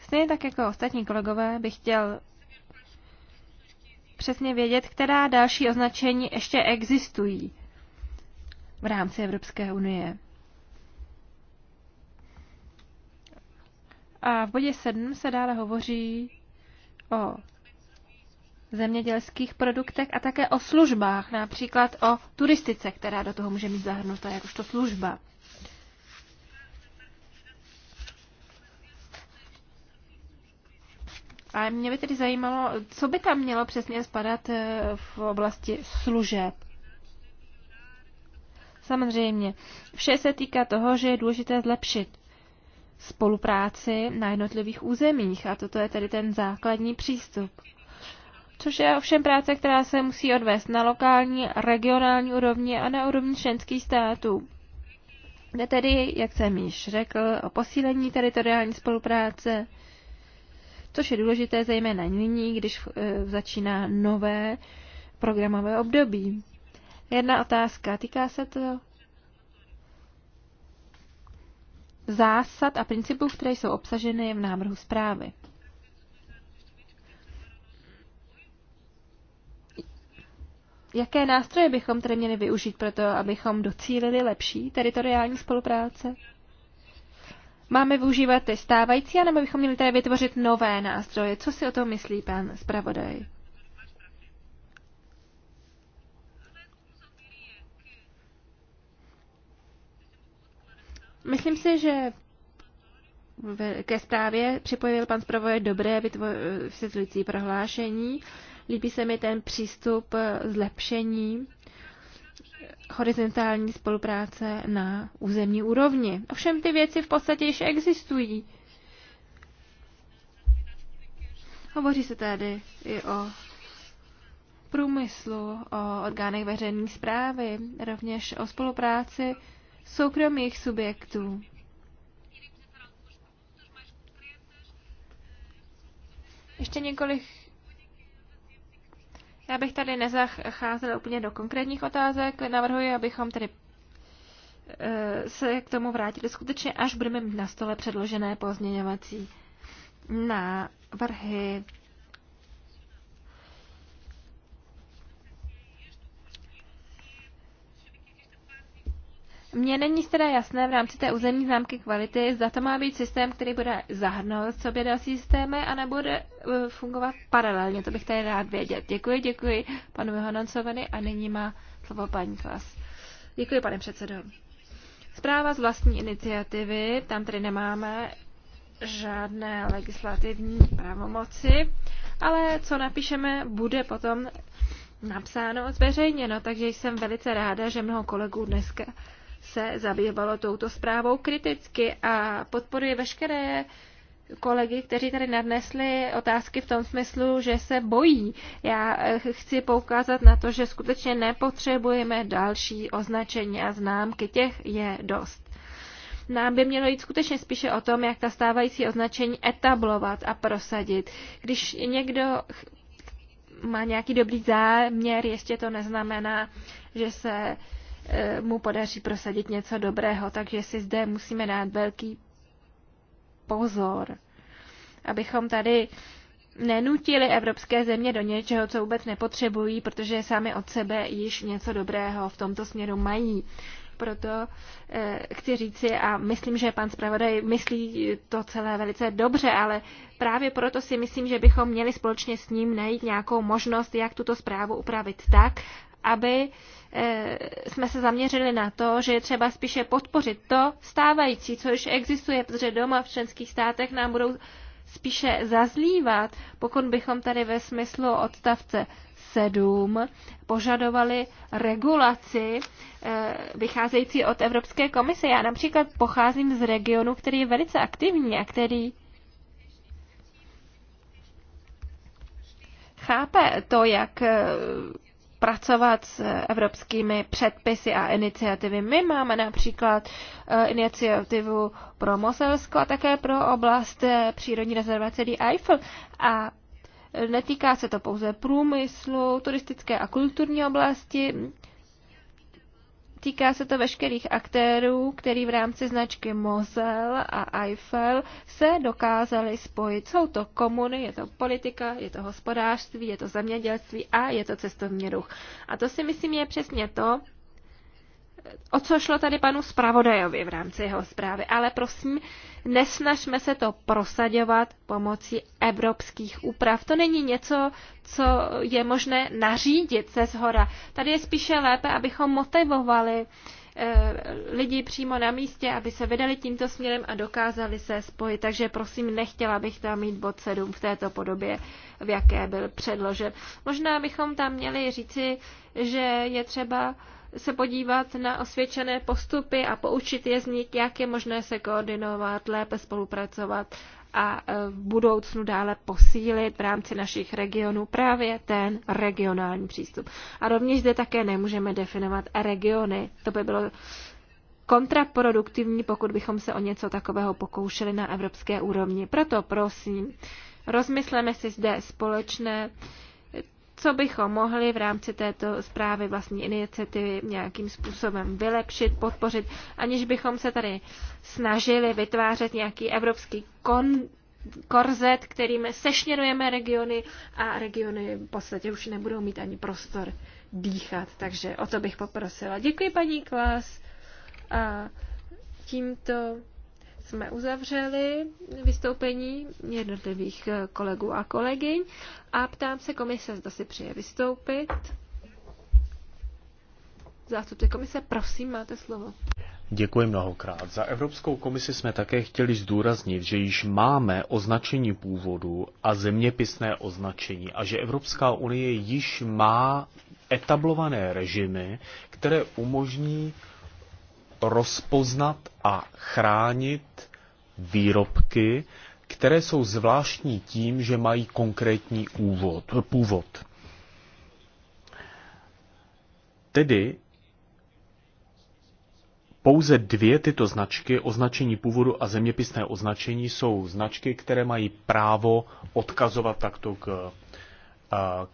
Stejně tak jako ostatní kolegové bych chtěl přesně vědět, která další označení ještě existují v rámci Evropské unie. A v bodě 7 se dále hovoří o zemědělských produktech a také o službách, například o turistice, která do toho může být zahrnuta jakožto služba. A mě by tedy zajímalo, co by tam mělo přesně spadat eh, v oblasti služeb. Samozřejmě, vše se týká toho, že je důležité zlepšit spolupráci na jednotlivých územích a toto je tedy ten základní přístup což je ovšem práce, která se musí odvést na lokální, regionální úrovni a na úrovni členských států. Jde tedy, jak jsem již řekl, o posílení teritoriální spolupráce, což je důležité zejména nyní, když eh, začíná nové programové období. Jedna otázka, týká se to zásad a principů, které jsou obsaženy v návrhu zprávy. jaké nástroje bychom tedy měli využít pro to, abychom docílili lepší teritoriální spolupráce? Máme využívat ty stávající, anebo bychom měli tedy vytvořit nové nástroje? Co si o tom myslí pan zpravodaj? Myslím si, že ke zprávě připojil pan zpravodaj dobré vysvětlující prohlášení. Líbí se mi ten přístup eh, zlepšení eh, horizontální spolupráce na územní úrovni. Ovšem ty věci v podstatě již existují. Hovoří se tady i o průmyslu, o orgánech veřejné zprávy, rovněž o spolupráci soukromých subjektů. Ještě několik já bych tady nezacházela úplně do konkrétních otázek. Navrhuji, abychom tedy eh, se k tomu vrátili skutečně, až budeme mít na stole předložené pozměňovací návrhy. Mně není teda jasné v rámci té územní známky kvality, zda to má být systém, který bude zahrnout sobě další systémy, a nebude e, fungovat paralelně. To bych tady rád vědět. Děkuji, děkuji panu Johanancovi a nyní má slovo paní Klas. Děkuji, pane předsedo. Zpráva z vlastní iniciativy, tam tedy nemáme žádné legislativní pravomoci, ale co napíšeme, bude potom napsáno a zveřejněno, takže jsem velice ráda, že mnoho kolegů dneska se zabývalo touto zprávou kriticky a podporuje veškeré kolegy, kteří tady nadnesli otázky v tom smyslu, že se bojí. Já eh, chci poukázat na to, že skutečně nepotřebujeme další označení a známky. Těch je dost. Nám by mělo jít skutečně spíše o tom, jak ta stávající označení etablovat a prosadit. Když někdo má nějaký dobrý záměr, ještě to neznamená, že se uh, mu podaří prosadit něco dobrého. Takže si zde musíme dát velký pozor, abychom tady nenutili evropské země do něčeho, co vůbec nepotřebují, protože sami od sebe již něco dobrého v tomto směru mají. Proto eh, chci říci, a myslím, že pan zpravodaj myslí to celé velice dobře, ale právě proto si myslím, že bychom měli společně s ním najít nějakou možnost, jak tuto zprávu upravit tak, aby eh, jsme se zaměřili na to, že je třeba spíše podpořit to stávající, co už existuje, protože doma v členských státech nám budou spíše zazlívat, pokud bychom tady ve smyslu odstavce 7 požadovali regulaci eh, vycházející od Evropské komise. Já například pocházím z regionu, který je velice aktivní a který chápe to, jak eh, pracovat s evropskými předpisy a iniciativy. My máme například eh, iniciativu pro Moselsko a také pro oblast eh, přírodní rezervace The Eiffel. A netýká se to pouze průmyslu, turistické a kulturní oblasti, Týká se to veškerých aktérů, který v rámci značky Mosel a Eiffel se dokázali spojit. Jsou to komuny, je to politika, je to hospodářství, je to zemědělství a je to cestovní ruch. A to si myslím je přesně to, o co šlo tady panu zpravodajovi v rámci jeho zprávy. Ale prosím, nesnažme se to prosadovat pomocí evropských úprav. To není něco, co je možné nařídit ze zhora. Tady je spíše lépe, abychom motivovali eh, lidi přímo na místě, aby se vydali tímto směrem a dokázali se spojit. Takže prosím, nechtěla bych tam mít bod 7 v této podobě, v jaké byl předložen. Možná bychom tam měli říci, že je třeba uh, se podívat na osvědčené postupy a poučit je z nich, jak je možné se koordinovat, lépe spolupracovat a e, v budoucnu dále posílit v rámci našich regionů právě ten regionální přístup. A rovněž zde také nemůžeme definovat regiony. To by bylo kontraproduktivní, pokud bychom se o něco takového pokoušeli na evropské úrovni. Proto prosím, rozmysleme si zde společné co bychom mohli v rámci této zprávy vlastní iniciativy nějakým způsobem vylepšit, podpořit, aniž bychom se tady snažili vytvářet nějaký evropský kon korzet, kterým sešněrujeme regiony a regiony v podstatě už nebudou mít ani prostor dýchat. Takže o to bych poprosila. Děkuji paní Klas. A tímto jsme uzavřeli vystoupení jednotlivých kolegů a kolegyň a ptám se komise, zda si přeje vystoupit. Zástupce komise, prosím, máte slovo. Děkuji mnohokrát. Za Evropskou komisi jsme také chtěli zdůraznit, že již máme označení původu a zeměpisné označení a že Evropská unie již má etablované režimy, které umožní rozpoznat a chránit výrobky, které jsou zvláštní tím, že mají konkrétní úvod, původ. Tedy pouze dvě tyto značky, označení původu a zeměpisné označení, jsou značky, které mají právo odkazovat takto k,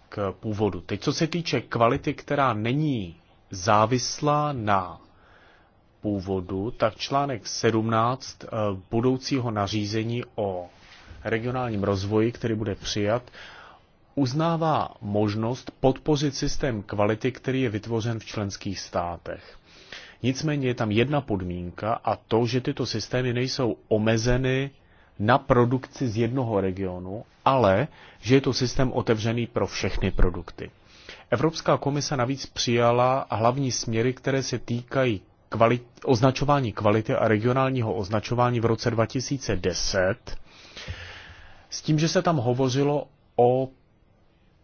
k původu. Teď, co se týče kvality, která není závislá na původu, tak článek 17 eh, budoucího nařízení o regionálním rozvoji, který bude přijat, uznává možnost podpořit systém kvality, který je vytvořen v členských státech. Nicméně je tam jedna podmínka a to, že tyto systémy nejsou omezeny na produkci z jednoho regionu, ale že je to systém otevřený pro všechny produkty. Evropská komise navíc přijala hlavní směry, které se týkají kvalit, označování kvality a regionálního označování v roce 2010 s tím, že se tam hovořilo o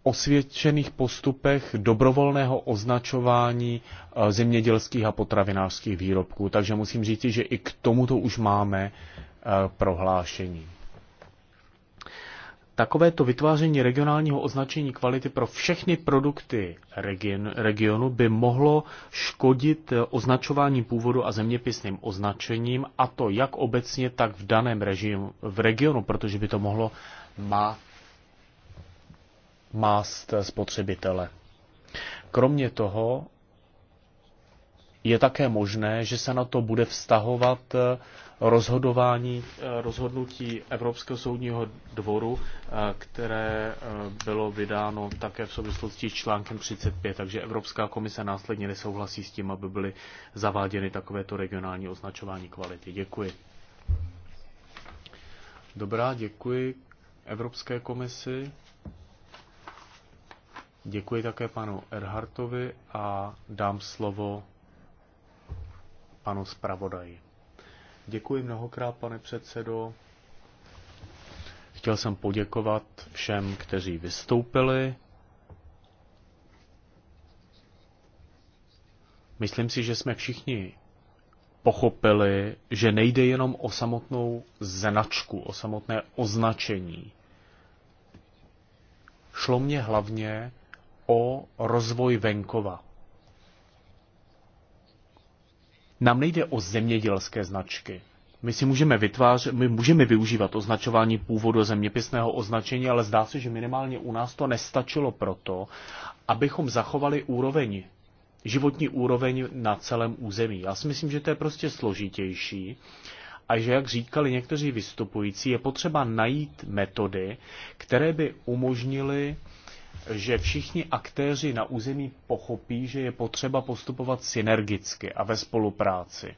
osvědčených postupech dobrovolného označování eh, zemědělských a potravinářských výrobků. Takže musím říct, že i k tomuto už máme eh, prohlášení. Takovéto vytváření regionálního označení kvality pro všechny produkty region, regionu by mohlo škodit eh, označování původu a zeměpisným označením, a to jak obecně, tak v daném režimu, v regionu, protože by to mohlo má, mást spotřebitele. Kromě toho je také možné, že se na to bude vztahovat eh, rozhodování, eh, rozhodnutí Evropského soudního dvoru, eh, které eh, bylo vydáno také v souvislosti s článkem 35, takže Evropská komise následně nesouhlasí s tím, aby byly zaváděny takovéto regionální označování kvality. Děkuji. Dobrá, děkuji Evropské komisi. Děkuji také panu Erhartovi a dám slovo panu zpravodaji. Děkuji mnohokrát, pane předsedo. Chtěl jsem poděkovat všem, kteří vystoupili. Myslím si, že jsme všichni pochopili, že nejde jenom o samotnou značku, o samotné označení. Šlo mě hlavně o rozvoj venkova, Nám nejde o zemědělské značky. My si můžeme vytvářet, my můžeme využívat označování původu zeměpisného označení, ale zdá se, že minimálně u nás to nestačilo proto, abychom zachovali úroveň, životní úroveň na celém území. Já si myslím, že to je prostě složitější a že, jak říkali někteří vystupující, je potřeba najít metody, které by umožnily že všichni aktéři na území pochopí, že je potřeba postupovat synergicky a ve spolupráci.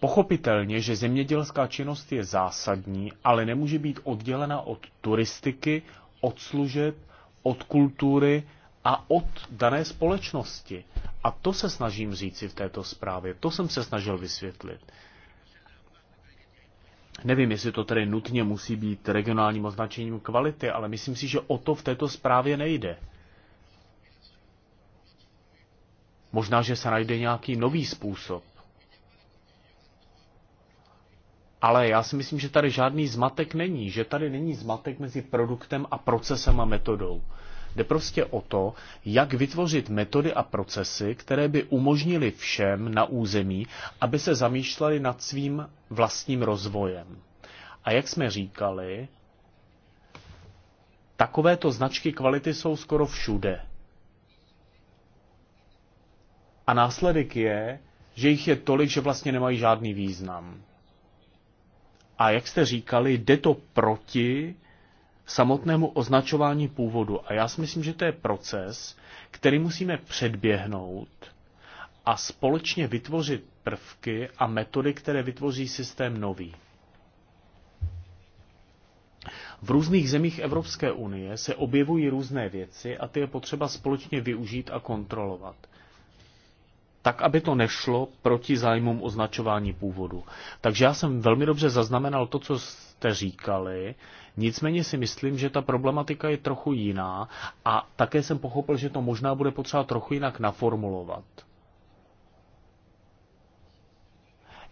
Pochopitelně, že zemědělská činnost je zásadní, ale nemůže být oddělena od turistiky, od služeb, od kultury a od dané společnosti. A to se snažím říci v této zprávě, to jsem se snažil vysvětlit. Nevím, jestli to tedy nutně musí být regionálním označením kvality, ale myslím si, že o to v této zprávě nejde. Možná, že se najde nějaký nový způsob. Ale já si myslím, že tady žádný zmatek není, že tady není zmatek mezi produktem a procesem a metodou. Jde prostě o to, jak vytvořit metody a procesy, které by umožnily všem na území, aby se zamýšleli nad svým vlastním rozvojem. A jak jsme říkali, takovéto značky kvality jsou skoro všude. A následek je, že jich je tolik, že vlastně nemají žádný význam. A jak jste říkali, jde to proti samotnému označování původu. A já si myslím, že to je proces, který musíme předběhnout a společně vytvořit prvky a metody, které vytvoří systém nový. V různých zemích Evropské unie se objevují různé věci a ty je potřeba společně využít a kontrolovat. Tak, aby to nešlo proti zájmům označování původu. Takže já jsem velmi dobře zaznamenal to, co jste říkali. Nicméně si myslím, že ta problematika je trochu jiná a také jsem pochopil, že to možná bude potřeba trochu jinak naformulovat.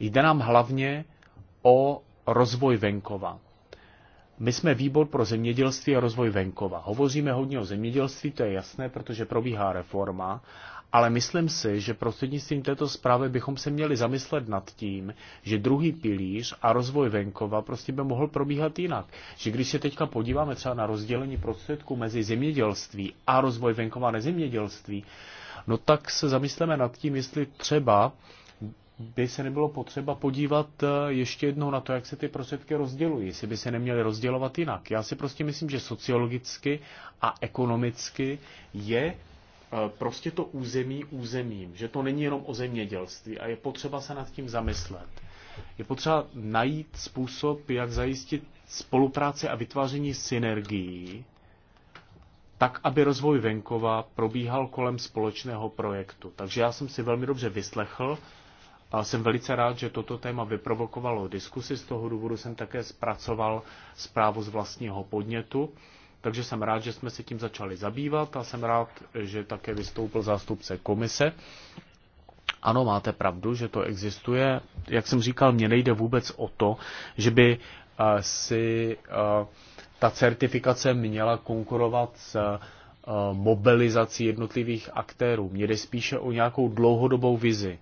Jde nám hlavně o rozvoj venkova. My jsme výbor pro zemědělství a rozvoj venkova. Hovoříme hodně o zemědělství, to je jasné, protože probíhá reforma, ale myslím si, že prostřednictvím této zprávy bychom se měli zamyslet nad tím, že druhý pilíř a rozvoj venkova prostě by mohl probíhat jinak. Že když se teďka podíváme třeba na rozdělení prostředků mezi zemědělství a rozvoj venkova a nezemědělství, no tak se zamysleme nad tím, jestli třeba by se nebylo potřeba podívat eh, ještě jednou na to, jak se ty prostředky rozdělují, jestli by se neměly rozdělovat jinak. Já si prostě myslím, že sociologicky a ekonomicky je eh, prostě to území územím, že to není jenom o zemědělství a je potřeba se nad tím zamyslet. Je potřeba najít způsob, jak zajistit spolupráci a vytváření synergií, tak, aby rozvoj venkova probíhal kolem společného projektu. Takže já jsem si velmi dobře vyslechl a jsem velice rád, že toto téma vyprovokovalo diskusi, z toho důvodu jsem také zpracoval zprávu z vlastního podnětu, takže jsem rád, že jsme se tím začali zabývat a jsem rád, že také vystoupil zástupce komise. Ano, máte pravdu, že to existuje. Jak jsem říkal, mně nejde vůbec o to, že by eh, si eh, ta certifikace měla konkurovat s eh, mobilizací jednotlivých aktérů. Mně jde spíše o nějakou dlouhodobou vizi.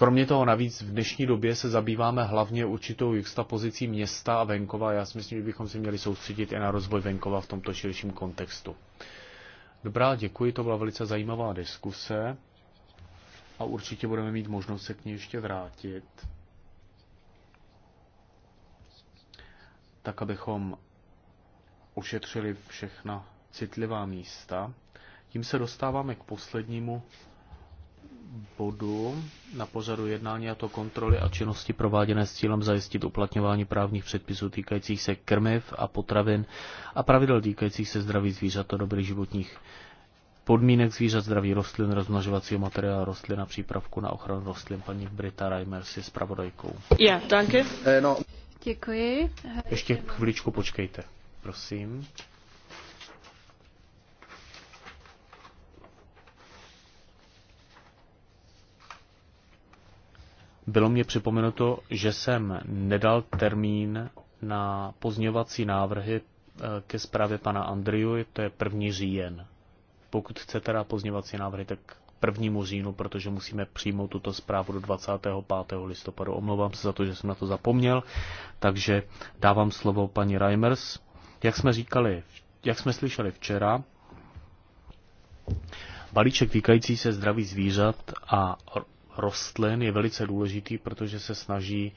Kromě toho navíc v dnešní době se zabýváme hlavně určitou juxtapozicí města a venkova. Já si myslím, že bychom se měli soustředit i na rozvoj venkova v tomto širším kontextu. Dobrá, děkuji, to byla velice zajímavá diskuse a určitě budeme mít možnost se k ní ještě vrátit. Tak, abychom ušetřili všechna citlivá místa. Tím se dostáváme k poslednímu bodu na pořadu jednání a to kontroly a činnosti prováděné s cílem zajistit uplatňování právních předpisů týkajících se krmiv a potravin a pravidel týkajících se zdraví zvířat a dobrých životních podmínek zvířat, zdraví rostlin, rozmnožovacího materiálu rostlin a přípravku na ochranu rostlin. Paní Brita Reimer s zpravodajkou. Já, yeah, Eh, no. Děkuji. Ještě chviličku počkejte, prosím. Bylo mě připomenuto, že jsem nedal termín na pozměňovací návrhy eh, ke zprávě pana Andriu, to je první říjen. Pokud chce teda pozměňovací návrhy, tak prvnímu říjnu, protože musíme přijmout tuto zprávu do 25. listopadu. Omlouvám se za to, že jsem na to zapomněl, takže dávám slovo paní Reimers. Jak jsme říkali, jak jsme slyšeli včera, balíček týkající se zdraví zvířat a rostlin je velice důležitý, protože se snaží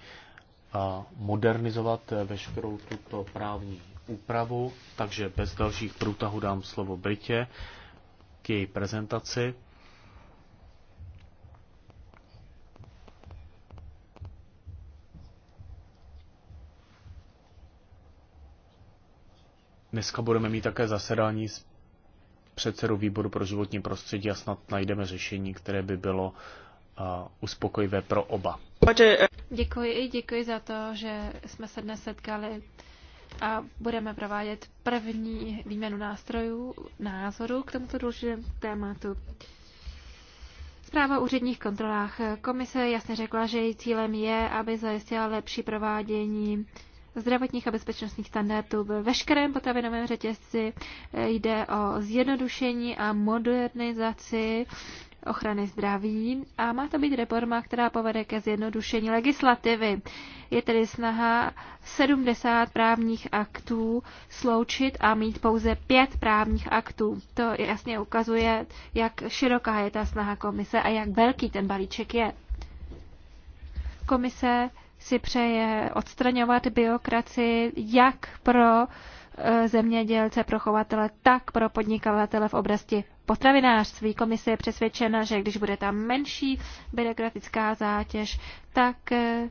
modernizovat eh, veškerou tuto právní úpravu, takže bez dalších průtahů dám slovo Britě k její prezentaci. Dneska budeme mít také zasedání s předsedou výboru pro životní prostředí a snad najdeme řešení, které by bylo uspokojivé pro oba. Eh, děkuji, děkuji za to, že jsme se dnes setkali a budeme provádět první výměnu nástrojů, názorů k tomuto důležitému tématu. Zpráva o úředních kontrolách. Komise jasně řekla, že její cílem je, aby zajistila lepší provádění zdravotních a bezpečnostních standardů ve veškerém potravinovém řetězci. Jde o zjednodušení a modernizaci ochrany zdraví a má to být reforma, která povede ke zjednodušení legislativy. Je tedy snaha 70 právních aktů sloučit a mít pouze 5 právních aktů. To jasně ukazuje, jak široká je ta snaha komise a jak velký ten balíček je. Komise si přeje odstraňovat byrokracii jak pro eh, zemědělce, pro chovatele, tak pro podnikavatele v oblasti potravinářství. Komise je přesvědčena, že když bude tam menší byrokratická zátěž, tak eh,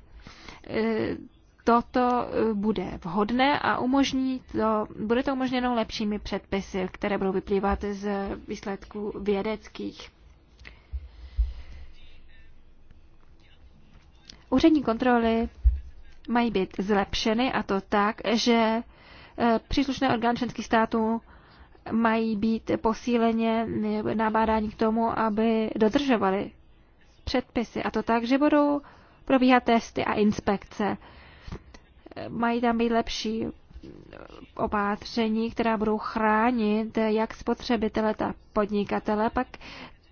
toto bude vhodné a umožní to, bude to umožněno lepšími předpisy, které budou vyplývat z výsledků vědeckých. Úřední kontroly mají být zlepšeny a to tak, že eh, příslušné orgány členských států mají být posíleně nabádání k tomu, aby dodržovali předpisy. A to tak, že budou probíhat testy a inspekce. Mají tam být lepší opatření, která budou chránit jak spotřebitele, tak podnikatele. Pak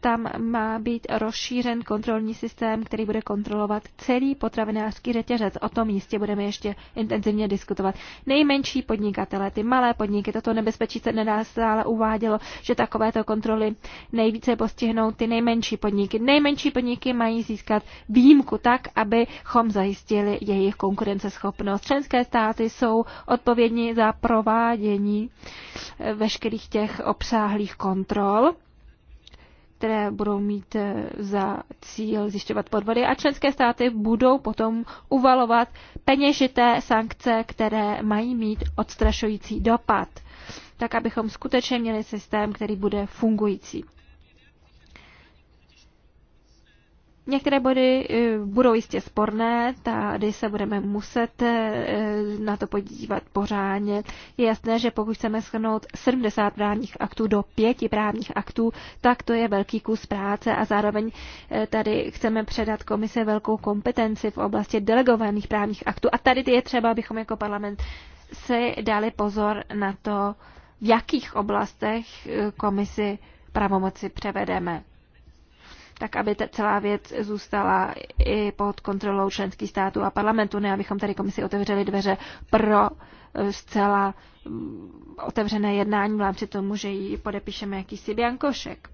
tam má být rozšířen kontrolní systém, který bude kontrolovat celý potravinářský řetěřec. O tom jistě budeme ještě intenzivně diskutovat. Nejmenší podnikatele, ty malé podniky, toto nebezpečí se nedá stále uvádělo, že takovéto kontroly nejvíce postihnou ty nejmenší podniky. Nejmenší podniky mají získat výjimku tak, abychom zajistili jejich konkurenceschopnost. Členské státy jsou odpovědní za provádění veškerých těch obsáhlých kontrol které budou mít eh, za cíl zjišťovat podvody a členské státy budou potom uvalovat peněžité sankce, které mají mít odstrašující dopad, tak abychom skutečně měli systém, který bude fungující. Některé body eh, budou jistě sporné, tady se budeme muset eh, na to podívat pořádně. Je jasné, že pokud chceme schrnout 70 právních aktů do 5 právních aktů, tak to je velký kus práce a zároveň eh, tady chceme předat komise velkou kompetenci v oblasti delegovaných právních aktů. A tady je třeba, abychom jako parlament si dali pozor na to, v jakých oblastech komisi pravomoci převedeme tak aby ta celá věc zůstala i pod kontrolou členských států a parlamentu, ne abychom tady komisi otevřeli dveře pro eh, zcela mm, otevřené jednání v rámci tomu, že ji podepíšeme jakýsi biankošek.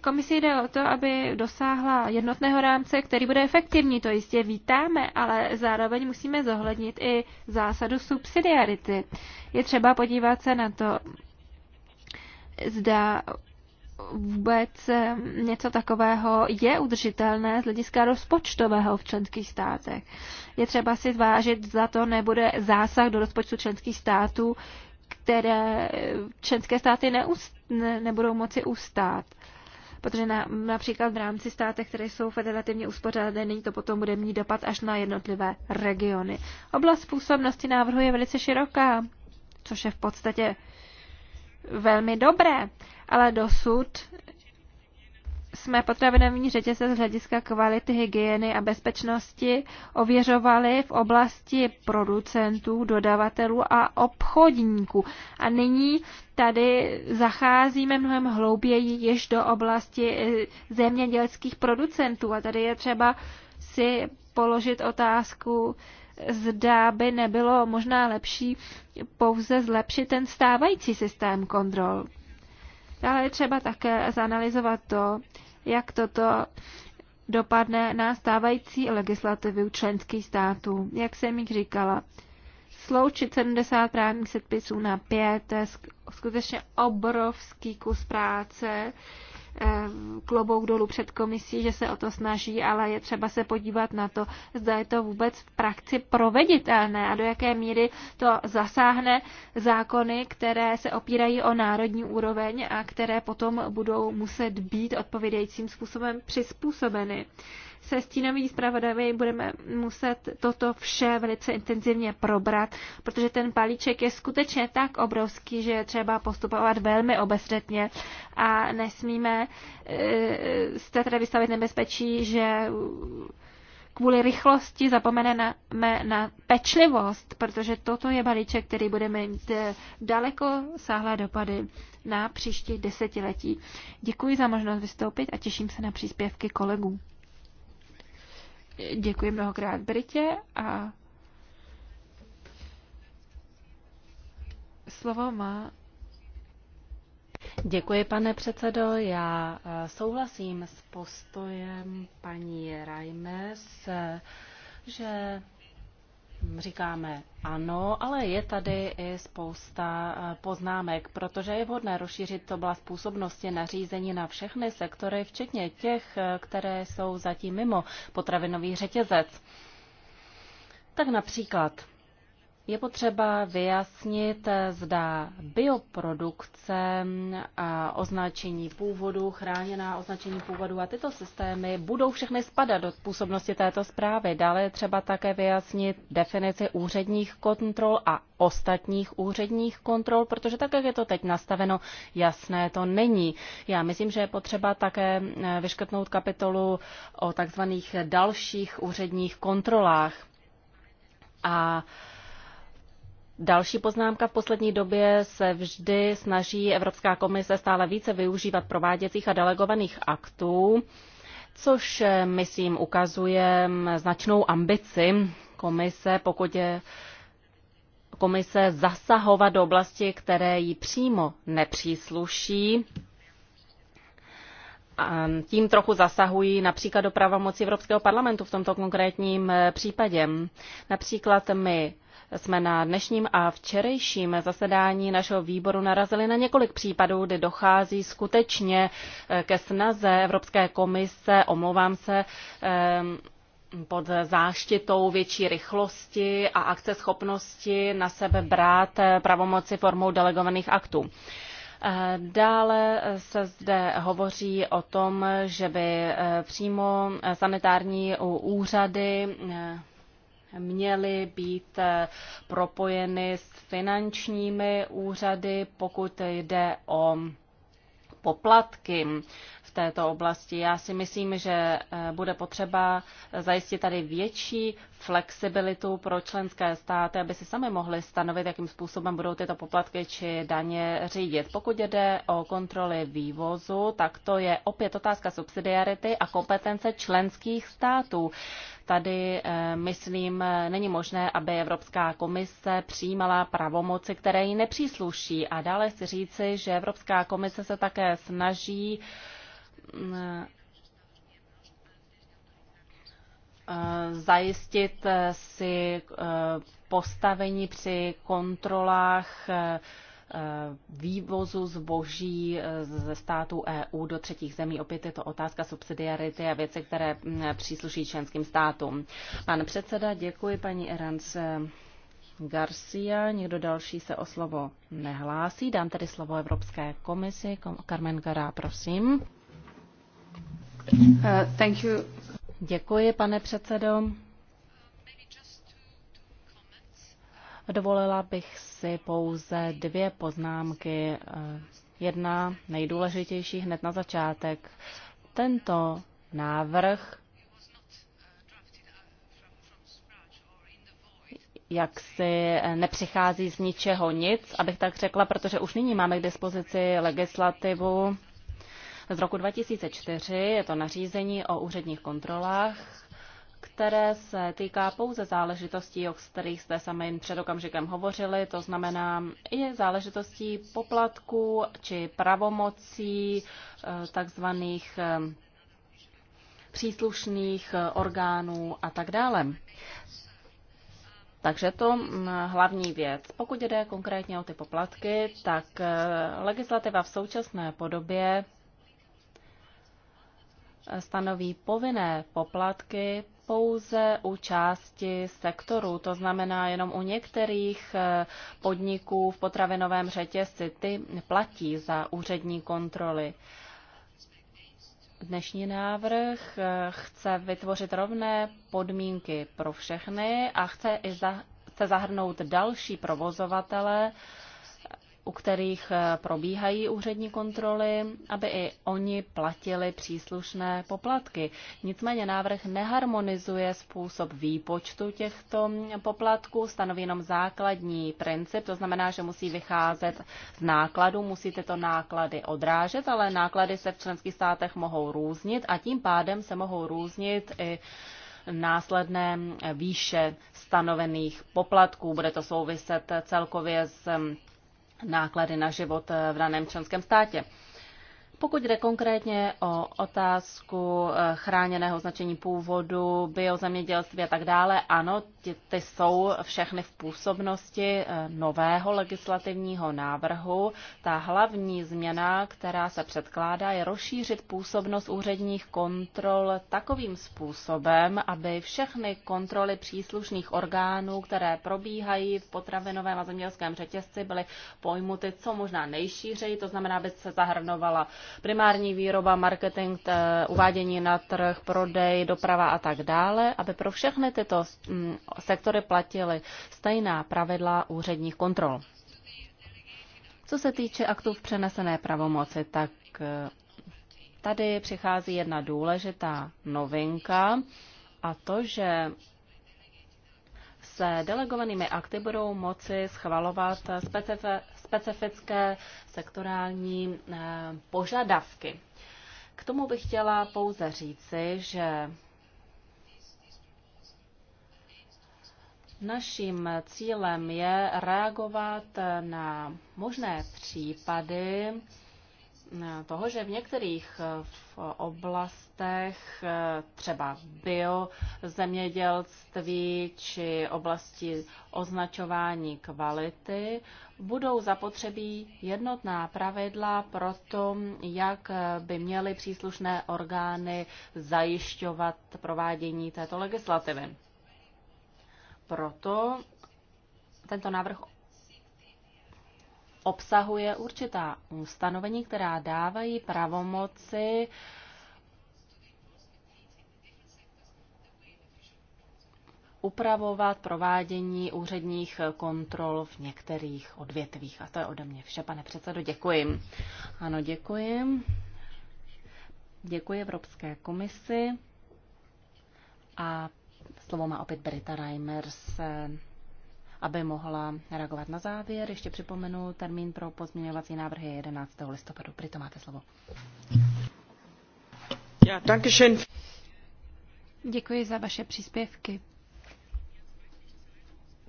Komisi jde o to, aby dosáhla jednotného rámce, který bude efektivní, to jistě vítáme, ale zároveň musíme zohlednit i zásadu subsidiarity. Je třeba podívat se na to, zda vůbec eh, něco takového je udržitelné z hlediska rozpočtového v členských státech. Je třeba si zvážit, zda to nebude zásah do rozpočtu členských států, které členské státy neust, ne, nebudou moci ustát. Protože na, například v rámci státech, které jsou federativně uspořádané, to potom bude mít dopad až na jednotlivé regiony. Oblast působnosti návrhu je velice široká, což je v podstatě velmi dobré ale dosud jsme potravinovní řetězce z hlediska kvality, hygieny a bezpečnosti ověřovali v oblasti producentů, dodavatelů a obchodníků. A nyní tady zacházíme mnohem hlouběji již do oblasti eh, zemědělských producentů. A tady je třeba si položit otázku, zda by nebylo možná lepší pouze zlepšit ten stávající systém kontrol. Dále je třeba také zanalizovat to, jak toto dopadne na stávající legislativu členských států. Jak jsem jich říkala, sloučit 70 právních předpisů na 5, to je skutečně obrovský kus práce. Eh, klobouk dolů před komisí, že se o to snaží, ale je třeba se podívat na to, zda je to vůbec v praxi proveditelné a do jaké míry to zasáhne zákony, které se opírají o národní úroveň a které potom budou muset být odpovědejícím způsobem přizpůsobeny se stínovými zpravodaji budeme muset toto vše velice intenzivně probrat, protože ten palíček je skutečně tak obrovský, že je třeba postupovat velmi obezřetně a nesmíme eh, se tedy vystavit nebezpečí, že kvůli rychlosti zapomeneme na, na pečlivost, protože toto je balíček, který bude mít eh, daleko sáhlé dopady na příští desetiletí. Děkuji za možnost vystoupit a těším se na příspěvky kolegů. Děkuji mnohokrát Britě a slovo má Děkuji, pane předsedo. Já eh, souhlasím s postojem paní Rajmes, eh, že říkáme ano, ale je tady i spousta eh, poznámek, protože je vhodné rozšířit oblast působnosti nařízení na všechny sektory, včetně těch, eh, které jsou zatím mimo potravinový řetězec. Tak například je potřeba vyjasnit, zda bioprodukce a označení původu, chráněná označení původu a tyto systémy budou všechny spadat do působnosti této zprávy. Dále je třeba také vyjasnit definici úředních kontrol a ostatních úředních kontrol, protože tak, jak je to teď nastaveno, jasné to není. Já myslím, že je potřeba také vyškrtnout kapitolu o takzvaných dalších úředních kontrolách. A Další poznámka v poslední době se vždy snaží Evropská komise stále více využívat prováděcích a delegovaných aktů, což eh, myslím ukazuje mm, značnou ambici komise, pokud je komise zasahovat do oblasti, které jí přímo nepřísluší. A mm, tím trochu zasahují například do pravomoci Evropského parlamentu v tomto konkrétním eh, případě. Například my jsme na dnešním a včerejším zasedání našeho výboru narazili na několik případů, kdy dochází skutečně eh, ke snaze Evropské komise, omlouvám se, eh, pod záštitou větší rychlosti a akceschopnosti na sebe brát eh, pravomoci formou delegovaných aktů. Dále se zde hovoří o tom, že by přímo sanitární úřady měly být eh, propojeny s finančními úřady, pokud jde o poplatky v této oblasti. Já si myslím, že eh, bude potřeba eh, zajistit tady větší flexibilitu pro členské státy, aby si sami mohli stanovit, jakým způsobem budou tyto poplatky či daně řídit. Pokud jde o kontroly vývozu, tak to je opět otázka subsidiarity a kompetence členských států. Tady, eh, myslím, není možné, aby Evropská komise přijímala pravomoci, které jí nepřísluší. A dále chci říci, že Evropská komise se také snaží Eh, eh, zajistit eh, si postavení při kontrolách vývozu zboží ze států EU do třetích zemí. Opět je to otázka subsidiarity a věci, které mm, přísluší členským státům. Pan předseda, děkuji paní Erans Garcia. Někdo další se o slovo nehlásí. Dám tedy slovo Evropské komisi. Carmen Gara, prosím. Uh, Děkuji, pane předsedající Dovolila bych si pouze dvě poznámky. Eh, jedna nejdůležitější hned na začátek. Tento návrh jak si eh, nepřichází z ničeho nic, abych tak řekla, protože už nyní máme k dispozici legislativu, z roku 2004. Je to nařízení o úředních kontrolách, které se týká pouze záležitostí, o kterých jste sami před okamžikem hovořili, to znamená i záležitostí poplatků či pravomocí eh, takzvaných eh, příslušných eh, orgánů a tak dále. Takže to mm, hlavní věc. Pokud jde konkrétně o ty poplatky, tak legislativa v současné podobě stanoví povinné poplatky pouze u části sektoru, to znamená jenom u některých eh, podniků v potravinovém řetězci. Ty platí za úřední kontroly. Dnešní návrh eh, chce vytvořit rovné podmínky pro všechny a chce i za, chce zahrnout další provozovatele, u kterých eh, probíhají úřední kontroly, aby i oni platili příslušné poplatky. Nicméně návrh neharmonizuje způsob výpočtu těchto mm, poplatků, stanoví jenom základní princip, to znamená, že musí vycházet z nákladů, musí tyto náklady odrážet, ale náklady se v členských státech mohou různit a tím pádem se mohou různit i následné mm, výše stanovených poplatků. Bude to souviset eh, celkově s mm, náklady na život eh, v daném členském státě. Pokud jde konkrétně o otázku eh, chráněného značení původu, biozemědělství a tak dále, ano, ty jsou všechny v působnosti eh, nového legislativního návrhu. Ta hlavní změna, která se předkládá, je rozšířit působnost úředních kontrol takovým způsobem, aby všechny kontroly příslušných orgánů, které probíhají v potravinovém a zemědělském řetězci, byly pojmuty co možná nejšířeji, to znamená, aby se zahrnovala primární výroba, marketing, uvádění na trh, prodej, doprava a tak dále, aby pro všechny tyto mm, sektory platily stejná pravidla úředních kontrol. Co se týče aktů v přenesené pravomoci, tak eh, tady přichází jedna důležitá novinka a to, že se delegovanými akty budou moci schvalovat specifické sektorální eh, požadavky. K tomu bych chtěla pouze říci, že Naším cílem je reagovat na možné případy eh, toho, že v některých eh, oblastech, eh, třeba biozemědělství či oblasti označování kvality, budou zapotřebí jednotná pravidla pro to, jak by měly příslušné orgány zajišťovat provádění této legislativy proto tento návrh obsahuje určitá ustanovení, která dávají pravomoci upravovat provádění úředních kontrol v některých odvětvích. A to je ode mě vše, pane předsedo, děkuji. Ano, děkuji. Děkuji Evropské komisi. A Slovo má opět Brita Reimers, eh, aby mohla reagovat na závěr. Ještě připomenu, termín pro pozměňovací návrhy 11. listopadu. Brito, máte slovo. Ja, danke schön. Děkuji za vaše příspěvky.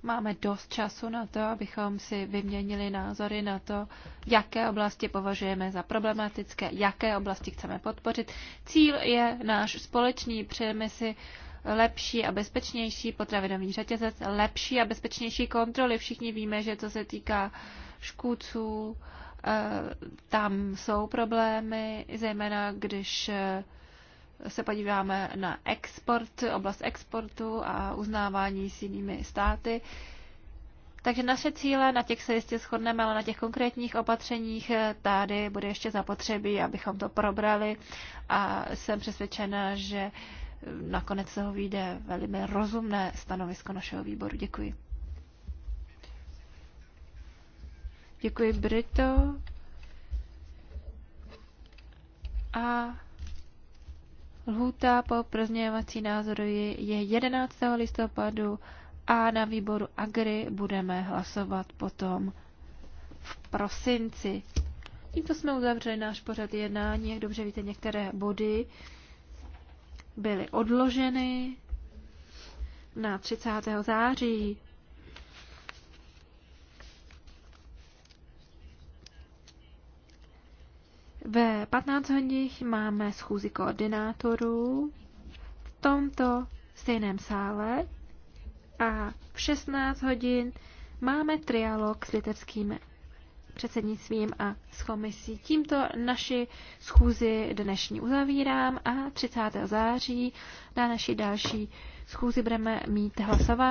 Máme dost času na to, abychom si vyměnili názory na to, jaké oblasti považujeme za problematické, jaké oblasti chceme podpořit. Cíl je náš společný, přejeme si lepší a bezpečnější potravinový řetězec, lepší a bezpečnější kontroly. Všichni víme, že co se týká škůdců, eh, tam jsou problémy, zejména když eh, se podíváme na export, oblast exportu a uznávání s jinými státy. Takže naše cíle, na těch se jistě shodneme, ale na těch konkrétních opatřeních eh, tady bude ještě zapotřebí, abychom to probrali a jsem přesvědčena, že nakonec se ho vyjde velmi rozumné stanovisko našeho výboru. Děkuji. Děkuji Brito. A lhůta po prozněvací názory je 11. listopadu a na výboru Agri budeme hlasovat potom v prosinci. Tímto jsme uzavřeli náš pořad jednání, jak dobře víte, některé body byly odloženy na 30. září. Ve 15 hodin máme schůzi koordinátorů v tomto stejném sále a v 16 hodin máme trialog s litevskými předsednictvím a s komisí. Tímto naši schůzi dnešní uzavírám a 30. září na naší další schůzi budeme mít hlasování.